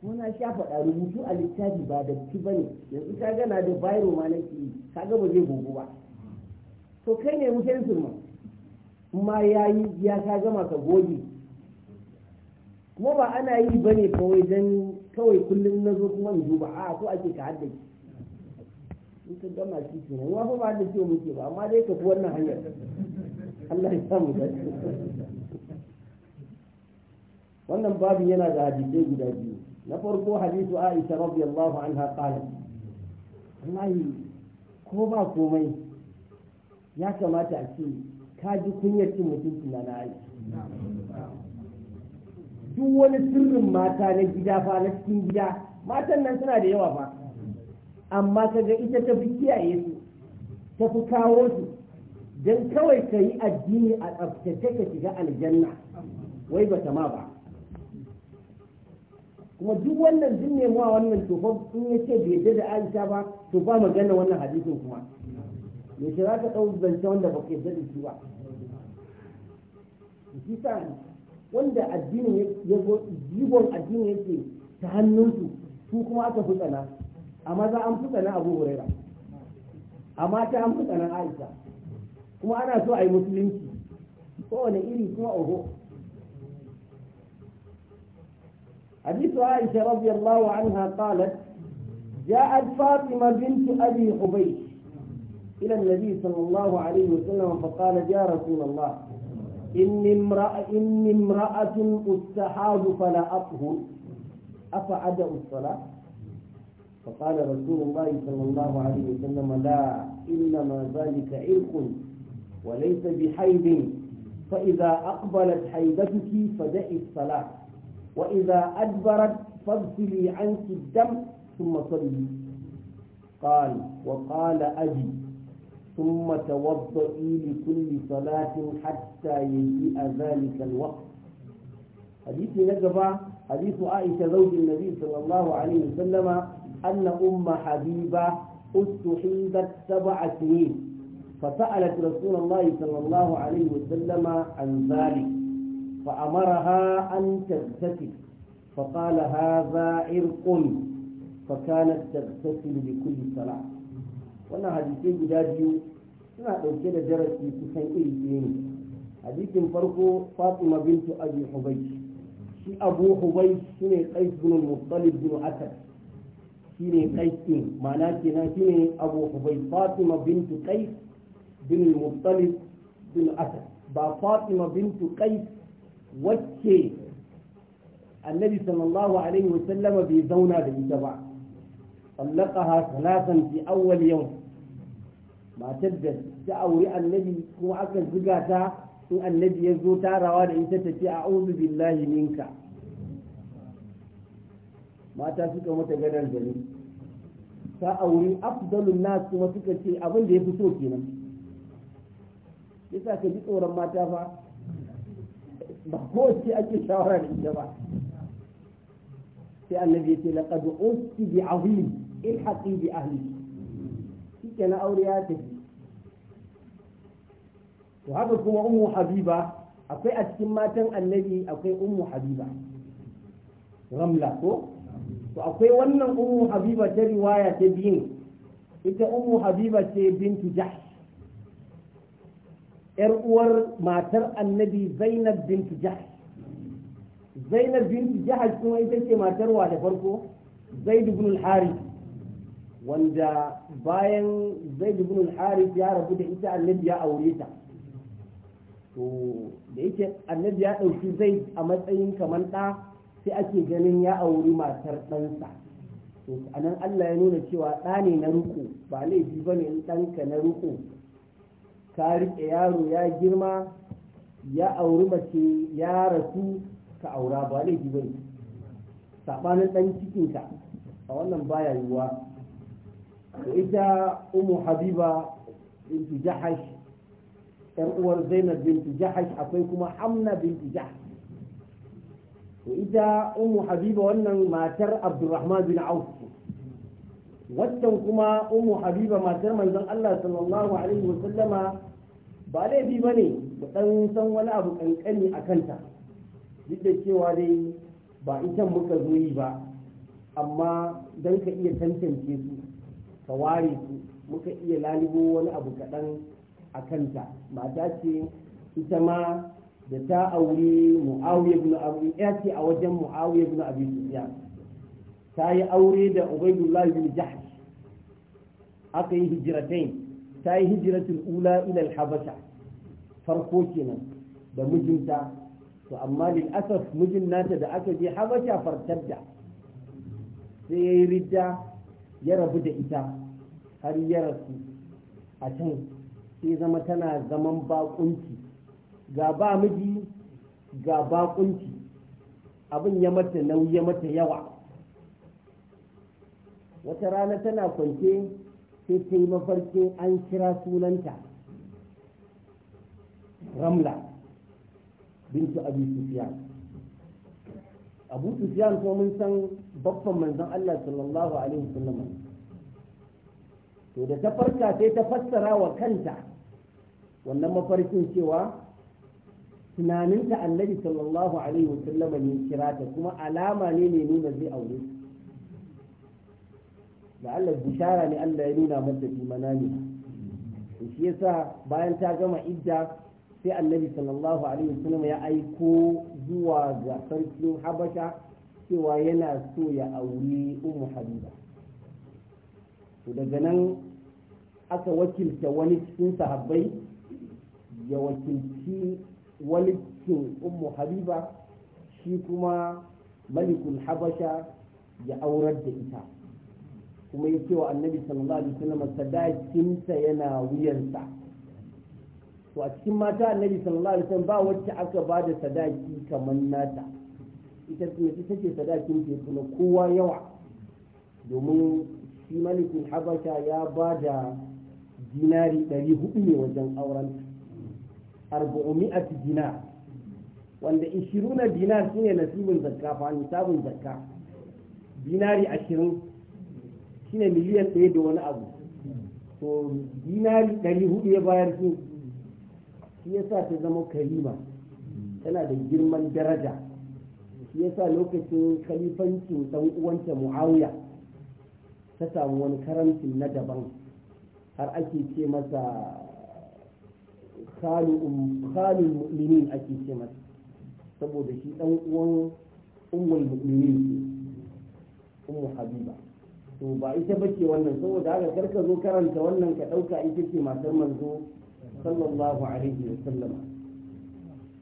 ko na sha faɗa rubutu a littafi ba da ci bane yanzu ka gana da bayro ma nake ka ga ba zai gogo ba to kai ne mu fensir kuma ma yayi ya ka gama ka goge kuma ba ana yi bane kawai dan kawai kullum na zo kuma in duba a ko ake ka ki in ka gama shi ke nan wafa ba da ciwo muke ba amma dai ka fi wannan hanyar Allah ya samu da wannan babin yana da hadisai guda biyu Na farko Aisha qala wallahi ko ba komai ya kamata a ce ka ji kunyar cin mutunci na na نعيش duk wani sirrin mata na gida fa na cikin gida matan nan suna da yawa fa amma kaga ita ta fi kiyaye su ta fi kawo su don kawai ka yi addini a tsaftace ka shiga aljanna wai ba ta ma ba kuma duk wannan duk nemuwa a wannan tofa in ya ce bai yadda da Aisha ba to ba magana wannan hadisin kuma ya ce za ka ɗau zance wanda ba ke da shi ba shi sa wanda addinin ya jigon addini yake ta hannunsu su kuma aka fi tsana za maza an fi tsana abu huraira amma ta an fi tsana aisha kuma ana so a yi musulunci kowane iri kuma oho حديث عائشة رضي الله عنها قالت جاءت فاطمة بنت أبي حبيش إلى النبي صلى الله عليه وسلم فقالت يا رسول الله إني امرأة, إني امرأة أستحاض فلا أطهر أفعدأ الصلاة فقال رسول الله صلى الله عليه وسلم لا إنما ذلك عرق وليس بحيض فإذا أقبلت حيضتك فدعي الصلاة وإذا أدبرت فاغسلي عنك الدم ثم صلي قال وقال أبي ثم توضئي لكل صلاة حتى يجيء ذلك الوقت حديث نجفة حديث عائشة زوج النبي صلى الله عليه وسلم أن أم حبيبة استحيدت سبع سنين فسألت رسول الله صلى الله عليه وسلم عن ذلك فأمرها أن تغتسل فقال هذا عرق فكانت تغتسل لكل صلاة وانا حديثين بداجيو suna ɗauke da darasi kusan iri ɗaya ne hadisin farko fatima bintu abi hubai shi abu hubai shi ne qais bin muttalib bin shi ne qais din ma'ana kenan shi ne abu hubai fatima bintu qais bin ba fatima bintu wacce annabi sallallahu alaihi wasallama bai zauna da ita ba tsallakaha salasan fi awwal yau matar da ta auri annabi kuma aka ziga ta in annabi ya zo tarawa da ita ta ce a'udhu billahi minka mata suka mata gadar da ta auri afdalun nas kuma suka ce abin da ya fi so kenan yasa ka ji tsoron mata fa ba kowace ake shawara da ita ba sai annabi ya ce laqad usti bi azim haƙi bi ahli shike na aure ya tafi to haka kuma ummu habiba akwai a cikin matan annabi akwai ummu habiba ramla ko to akwai wannan ummu habiba ta riwaya ta biyin ita ummu habiba ce bintu jahsh yar uwar matar annabi zainab binti jahash zainab binti jahash kuma ita ce matar wa da farko zaid ibn al wanda bayan zaid ibn al ya rabu da ita annabi ya aure ta to da yake annabi ya dauki zai a matsayin kaman ɗa sai ake ganin ya auri matar ɗansa to anan Allah ya nuna cewa ɗa ne na ruku ba laifi bane in ɗanka na ruku ka riƙe yaro ya girma ya auri mace ya rasu ka aura ba laifi bane sabanin dan cikinka a wannan baya yiwuwa da ita umu habiba bintu jahash yar uwar zainab bintu jahash akwai kuma hamna bintu jahash to ita umu habiba wannan matar abdurrahman bin auf waccan kuma umu habiba matar manzon Allah sallallahu alaihi wasallama ba laifi ba ne mu ɗan san wani abu kankani a kanta duk da cewa dai ba ita muka zo yi ba amma don ka iya tantance su ka ware su muka iya lalibo wani abu kaɗan a kanta mata ce ita ma da ta aure mu'awiya ibn abu ya ce a wajen mu'awiya ibn abu sufyan ta yi aure da ubaidullahi bin jahsh aka yi hijiratain ta yi hijiratul ula ila al-habasha farko kenan da mijinta to amma lil asaf mijin nata da aka je habasha da. sai yayi ridda ya rabu da ita har ya rasu a can sai zama tana zaman bakunci ga ba miji ga bakunci abin ya mata nauyi mata yawa wata rana tana kwance sai ta yi mafarkin an kira sunanta ramla bintu abu Sufyan. abu Sufyan kuma mun san babban manzon allah sallallahu alaihi wasallam to da ta farka sai ta fassara wa kanta wannan mafarkin cewa tunaninta annabi sallallahu alaihi wasallam ne kira ta kuma alama ne ne nuna zai aure da Allah bishara ne Allah ya nuna mata imana ne shi yasa bayan ta gama idda sai annabi sallallahu alaihi wasallam ya aiko zuwa ga sarkin habasha cewa yana so ya auri ummu habiba to daga nan aka wakilta wani cikin sahabbai ya wakilci walikin ummu habiba shi kuma malikul habasha ya aurar da ita kuma ya cewa annabi sallallahu alaihi wasallam sadakinsa yana wuyansa to a cikin mata annabi sallallahu alaihi wasallam ba wacce aka ba da sadaki kamar nata ita ita ce sadakin ke kuma kowa yawa domin shi malikin habasha ya ba da dinari 400 ne wajen auren arba'umi'at dinar wanda 20 dinar shine nasibin zakka fa nisabin zakka dinari ashirin shine miliyan ɗaya da wani abu to dinari ɗari hudu ya bayar su shi sa ta zama karima tana da girman daraja shi sa lokacin kalifancin dan uwanta muawiya ta samu wani karamcin na daban har ake ce masa khalil um, mu'minin ake ce masa saboda shi dan uwan ummul mu'minin ummu habiba to ba ita bace wannan saboda haka karka zo karanta wannan ka ɗauka ita ce matar manzo sallallahu alaihi wa sallama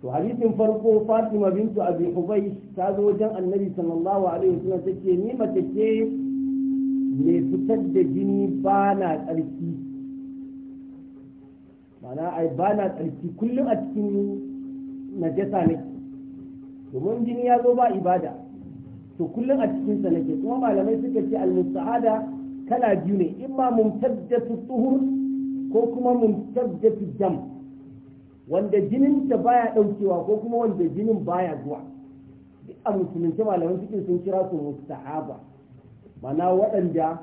to hadisin farko Fatima bintu Abi Hubaysh ta zo wajen Annabi sallallahu alaihi wa sallam tace ni mace ce me fitar da jini ba na tsarki mana ai ba na tsarki kullum a cikin najasa ne domin jini ya zo ba ibada to kullum a cikin sa nake kuma malamai suka ce al-musta'ada kala biyu ne imma mumtaddatu tuhur ko kuma mumtaddatu dam wanda jinin ta baya daukewa ko kuma wanda jinin baya zuwa duk a musulunci malamai suke sun kira su musta'aba mana waɗanda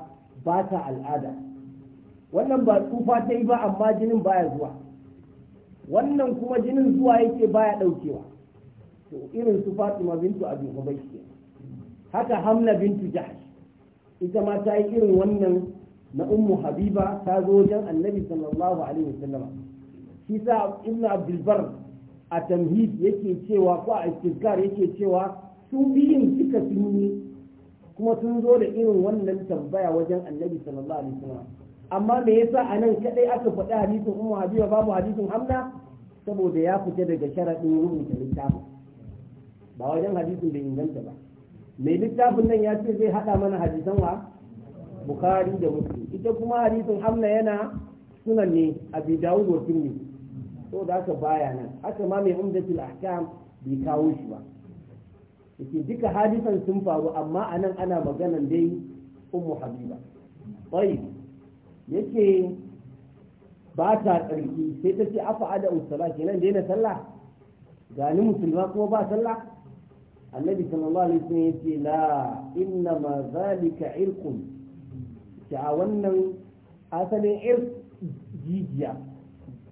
ba ta al'ada wannan ba tsufa ta yi ba amma jinin baya zuwa wannan kuma jinin zuwa yake baya daukewa to irin su Fatima bintu Abi Hubaysh haka hamna bintu jahsh ita ma ta yi irin wannan na ummu habiba ta zo wajen annabi sallallahu alaihi wasallam shi sa ibnu abdul bar a tamhid yake cewa ko a istizkar yake cewa su biyun suka sun kuma sun zo da irin wannan tambaya wajen annabi sallallahu alaihi wasallam amma me yasa anan nan kadai aka faɗi hadisin ummu habiba babu hadisin hamna saboda ya fita daga sharadin rubuta littafin ba wajen hadisin da inganta ba mai littafin nan ya ce zai haɗa mana hadisan wa bukari da musu ita kuma hadisin hamna yana sunan ne a bidawu wa ne so da aka baya nan haka ma mai umdatul ahkam bai kawo shi ba yake duka hadisan sun faru amma a nan ana maganan dai ummu habiba bai yake ba ta tsarki sai ta ce afa ada usala kenan daina sallah gani musulma kuma ba sallah annabi sallallahu alaihi wasallam yace la inna ma zalika irqun ta a wannan asalin irq jijiya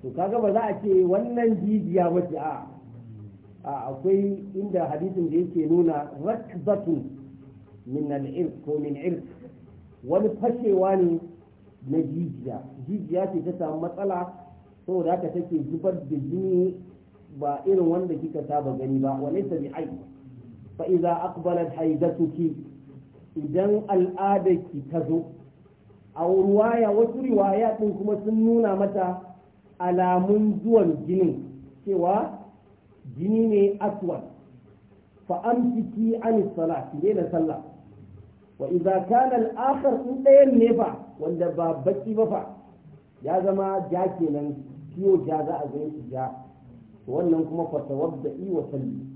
to kaga ba za a ce wannan jijiya ba ce a akwai inda hadisin da yake nuna rakbatun min al-irq ko min irq wani fashewa ne na jijiya jijiya ce ta samu matsala saboda haka take zubar da jini ba irin wanda kika saba gani ba wa laysa bi aiki fa iza aqbalat haidatuki idan al'adarki ta zo a ruwaya wasu riwaya din kuma sun nuna mata alamun zuwan jinin cewa jini ne aswad fa amsiki an salati ne da sallah wa idza kana al-akhar in dayan ne fa wanda ba baki ba fa ya zama ja kenan ciwo ja za a gani shi ja wannan kuma fa tawadda'i wa salli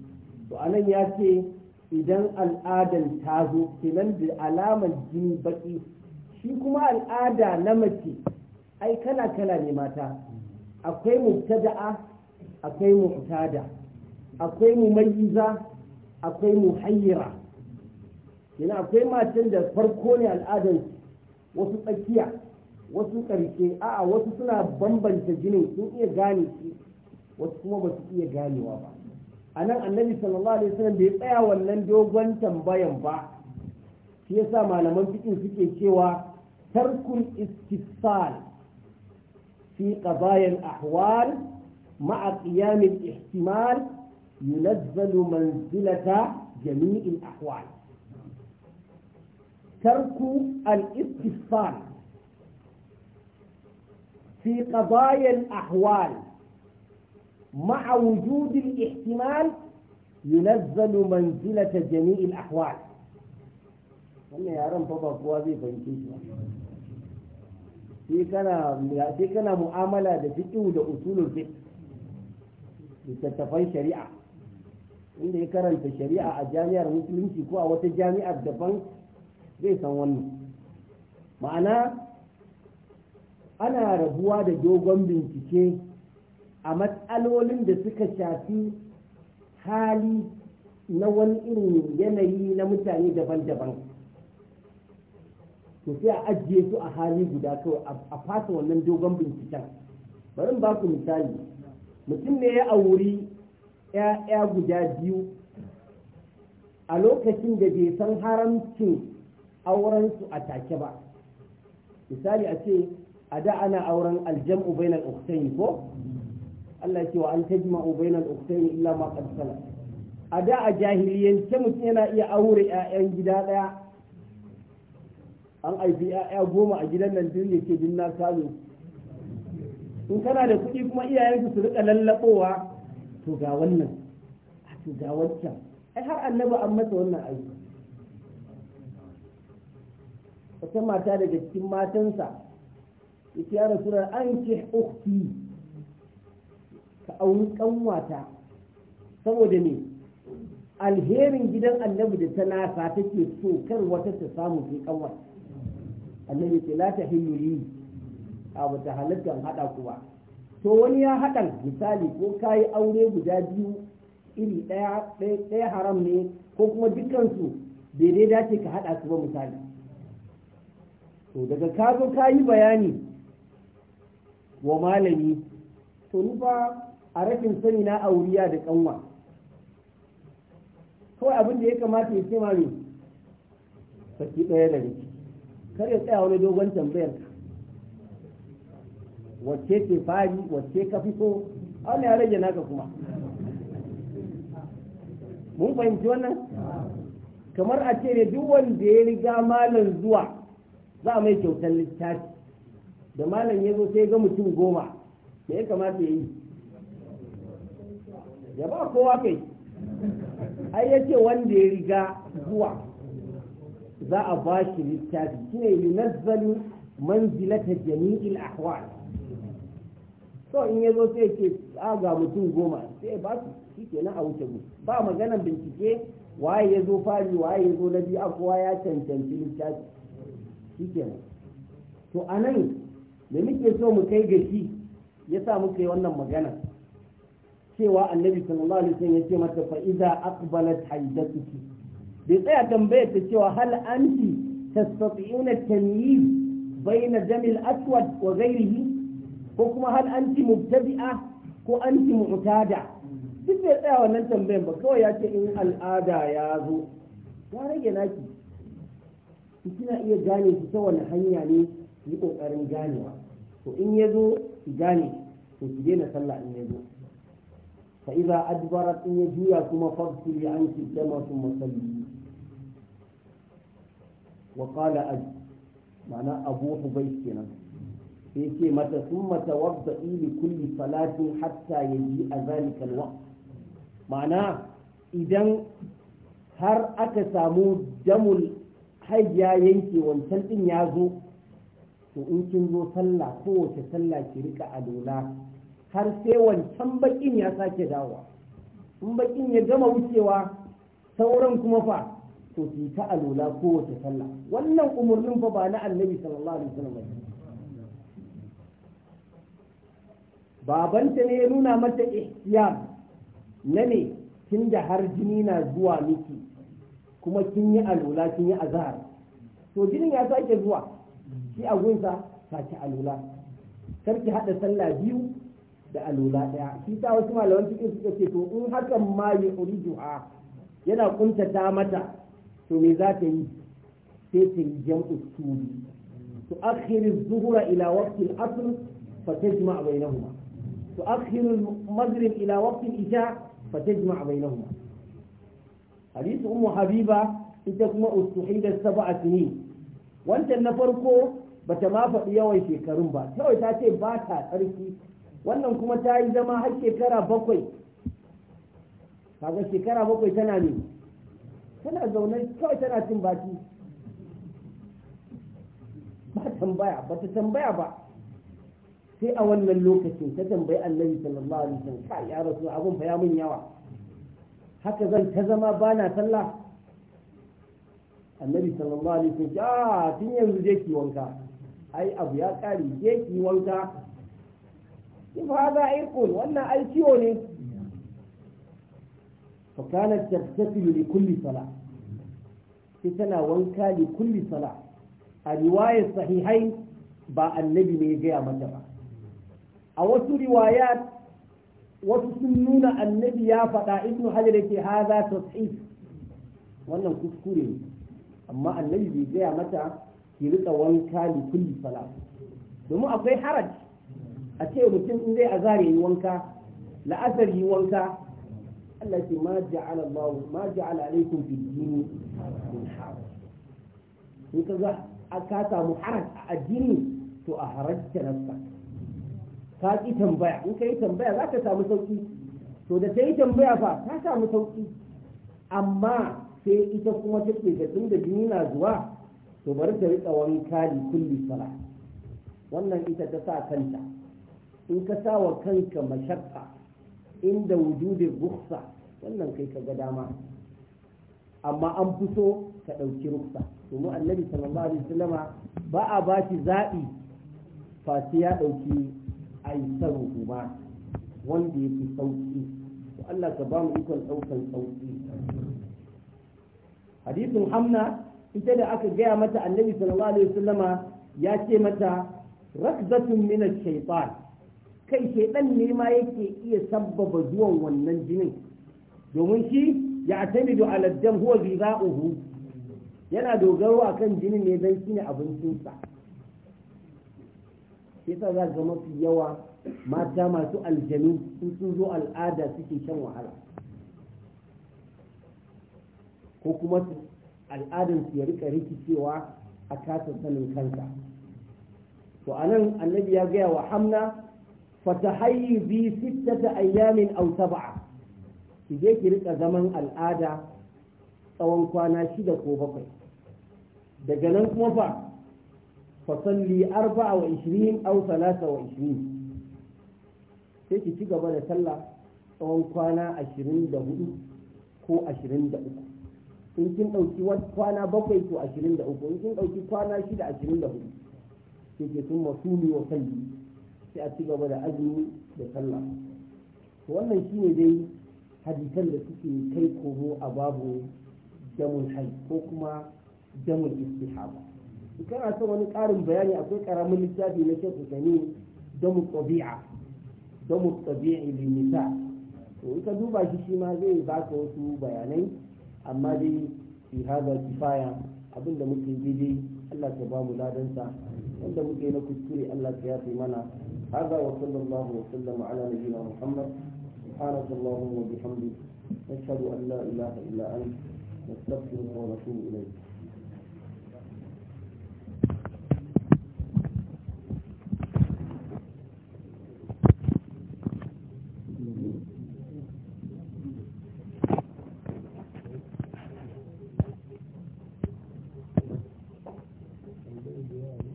to anan ya ce idan al'adar ta zo kenan da alamar jini baki shi kuma al'ada na mace ai kala kala ne mata akwai mubtada'a akwai mu'tada akwai mumayyiza akwai muhayyira yana akwai matan da farko ne al'adar wasu tsakiya wasu ƙarshe a'a wasu suna bambanta jinin sun iya gane shi wasu kuma ba su iya ganewa ba a nan annabi sallallahu alaihi wasallam bai tsaya wannan dogon tambayan ba shi yasa malaman fikin suke cewa tarkul istifsal fi qabayan ahwal ma'a qiyamil ihtimal yunazzalu manzilata jami'i ahwal tarku al-istifsal fi qabayan ahwal مع وجود الاحتمال ينزل منزلة جميع الأحوال wannan yaren fa ba kowa zai fahimce shi ba sai kana mu'amala da fiqhu da usulul fiqh littattafan shari'a inda ya karanta shari'a a jami'ar musulunci ko a wata jami'ar daban zai san wannan ma'ana ana rabuwa da dogon bincike a matsalolin da suka shafi hali na wani irin yanayi na mutane daban-daban to sai a ajiye su a hali guda kawai a fasa wannan dogon binciken bari ba ku misali mutum ne ya auri 'ya'ya guda biyu a lokacin da bai san haramcin aurensu a take ba misali a ce a da ana auren aljam'u bainal uktayn ko Allah ya ce wa an tajma'u bainal ukhtayn illa ma qad sala a da a jahiliyance mutum yana iya aure ƴaƴan gida ɗaya an haifi ƴaƴa goma a gidan nan duk yake din na kazo in kana da kuɗi kuma iyayensu su rika lallaɓowa to ga wannan a to ga wancan ai har annabi an masa wannan aiki wata mata daga cikin matansa ita ya rasu an ce ukhti ka auni kanwata saboda ne alherin gidan annabi da ta nasa take so kar wata ta samu ke kanwa annabi ce la ta himmuli a wata halittar haɗa kuwa to wani ya haɗa misali ko kayi aure guda biyu iri ɗaya haram ne ko kuma dukansu bai dai dace ka haɗa su ba misali to daga ka zo ka yi bayani wa malami to ni fa a rashin sani na auriya da kanwa kawai abin da ya kamata ya ce mami saki ɗaya da ciki kar ya tsaya wani dogon tambayar wacce ce fari wacce ka fi so an ya rage naka kuma mun fahimci wannan kamar a ce ne duk wanda ya riga malam zuwa za a mai kyautar littafi da malam ya zo sai ga mutum goma da ya kamata ya yi ya ba kowa kai ai ya ce wanda ya riga zuwa za a ba shi littafi shi ne yunazzalu manzilata jami'il ahwal so in ya zo sai ce ah, ga mutum goma sai ba su shi na a ba maganan bincike waye ya zo fari waye ya zo na biyu ya cancanci littafi shi nan. to a nan da muke so mu kai ga shi ya sa muka yi wannan magana cewa annabi sallallahu alaihi wasallam ya ce mata fa idza aqbalat haidatuki bai tsaya tambayar ta cewa hal anti tastati'una tamyiz baina jamil aswad wa ghayrihi ko kuma hal anti mubtadi'a ko anti mu'tada duk bai tsaya wannan tambayar ba kawai ya ce in al'ada ya zo ya rage naki kina iya gane shi ta wani hanya ne ki yi kokarin ganewa to in ya zo ki gane to ki daina sallah in ya zo فإذا أدبرت إن ثم فاغسلي عنك الدم ثم صلي وقال أج معناه أبو حبيب كنا يتي متى ثم توضئي لكل صلاة حتى يجيء ذلك الوقت معناه إذا هر أكسامو دم الحيا haid ya yanke wancan din كنزو صلى to in kin zo har sai wancan bakin ya sake dawowa in bakin ya gama wucewa sauran kuma fa to su ta alula kowace sallah wannan umarnin fa ba na annabi sallallahu alaihi wasallam babanta ne ya nuna mata ihtiyar na ne kin da har jini na zuwa miki kuma kin yi alula kin yi azhar to jinin ya sake zuwa shi a gunsa sake alula karki hada sallah biyu da alula ɗaya shi ta wasu malaman suka ce to in ma yana kuntata mata to me za ta yi sai ta yi jam'u turi to akhiri zuhura ila waqti asr fa tajma' bainahuma to akhiri maghrib ila waqti isha fa tajma' bainahuma hadith ummu habiba ita kuma ustuhida sab'a sinin wancan na farko bata ma faɗi yawan shekarun ba kawai ta ce ba ta tsarki wannan kuma ta yi zama har shekara bakwai kaga shekara bakwai tana ne tana zaune kawai tana cin baki ba tambaya ba ta tambaya ba sai a wannan lokacin ta tambayi annabi sallallahu alaihi wasallam ka ya rasu abun fa ya mun yawa haka zan ta zama ba na sallah annabi sallallahu alaihi wasallam ah tin yanzu je ki wanka ai abu ya kare je ki wanka in hada irkun wannan ai ciwo ne fa kanat taftasilu li kulli sala sai tana wanka li kulli sala a riwayar sahihai ba annabi ne gaya mata ba a wasu riwayat wasu sun nuna annabi ya faɗa ibnu hajar yake haza tas'if wannan kuskure ne amma annabi bai gaya mata ke rika wanka li kulli salat domin akwai haraj a ce mutum in zai azhar yi wanka la'asar yi wanka Allah ce ma ja'ala Allah ma ja'ala alaikum fi dini min haraj in ka ga ka samu haraj a addini to a harajta nafsa ka ki tambaya in ka yi tambaya za ka samu sauki to da ta yi tambaya fa ta samu sauki amma sai ita kuma ta ce da da jini na zuwa to bari ta riƙa wani kali kulli sala wannan ita ta sa kanta in ka sa wa kanka mashakka inda wujudin ruksa wannan kai ka ga dama amma an fi so ka ɗauki ruksa domin annabi sallallahu alaihi wasallama ba a ba shi zaɓi face ya ɗauki aisaru kuma wanda ya fi sauƙi to Allah ka ba mu ikon ɗaukan sauƙi hadisin hamna ita da aka gaya mata annabi sallallahu alaihi wasallama ya ce mata rakzatun min ash-shaytan kai shaidan ne ma yake iya sabbaba zuwan wannan jinin domin shi ya atamidu ala dam huwa ghidha'uhu yana dogaro akan jinin ne dan shine abincinsa yasa za ga mafi yawa mata masu aljanu sun sun zo al'ada suke shan wahala ko kuma al'adansu ya rika rikicewa a kasa sanin kansa to anan annabi ya gaya wa hamna فتحيزي ستة أيام ki je ki rika zaman al'ada tsawon kwana shida ko bakwai daga nan kuma fa fa salli arba'a wa ishirin au salasa wa ishirin sai ki ci gaba da sallah tsawon kwana ashirin da hudu ko ashirin da uku in kin ɗauki kwana bakwai ko ashirin da uku in kin ɗauki kwana shida ashirin da hudu sai ke sun masuli wa salli sai a ci gaba da azumi da sallah wannan shine dai hadisan da suke kai komo a babu damun hai ko kuma damun istihaba a son wani ƙarin bayani akwai ƙaramin littafi na shekku sani damu tabi'a damu tabi'i lin nisa to ita duba shi shi ma zai baka wasu bayanai amma dai fi hada kifaya abinda muke dai Allah ta ba mu ladansa wanda muke na kuskure Allah ta yafe mana هذا وصلى الله وسلم على نبينا محمد سبحانك اللهم وبحمدك نشهد أن لا إله إلا أنت نستغفرك ونتوب إليك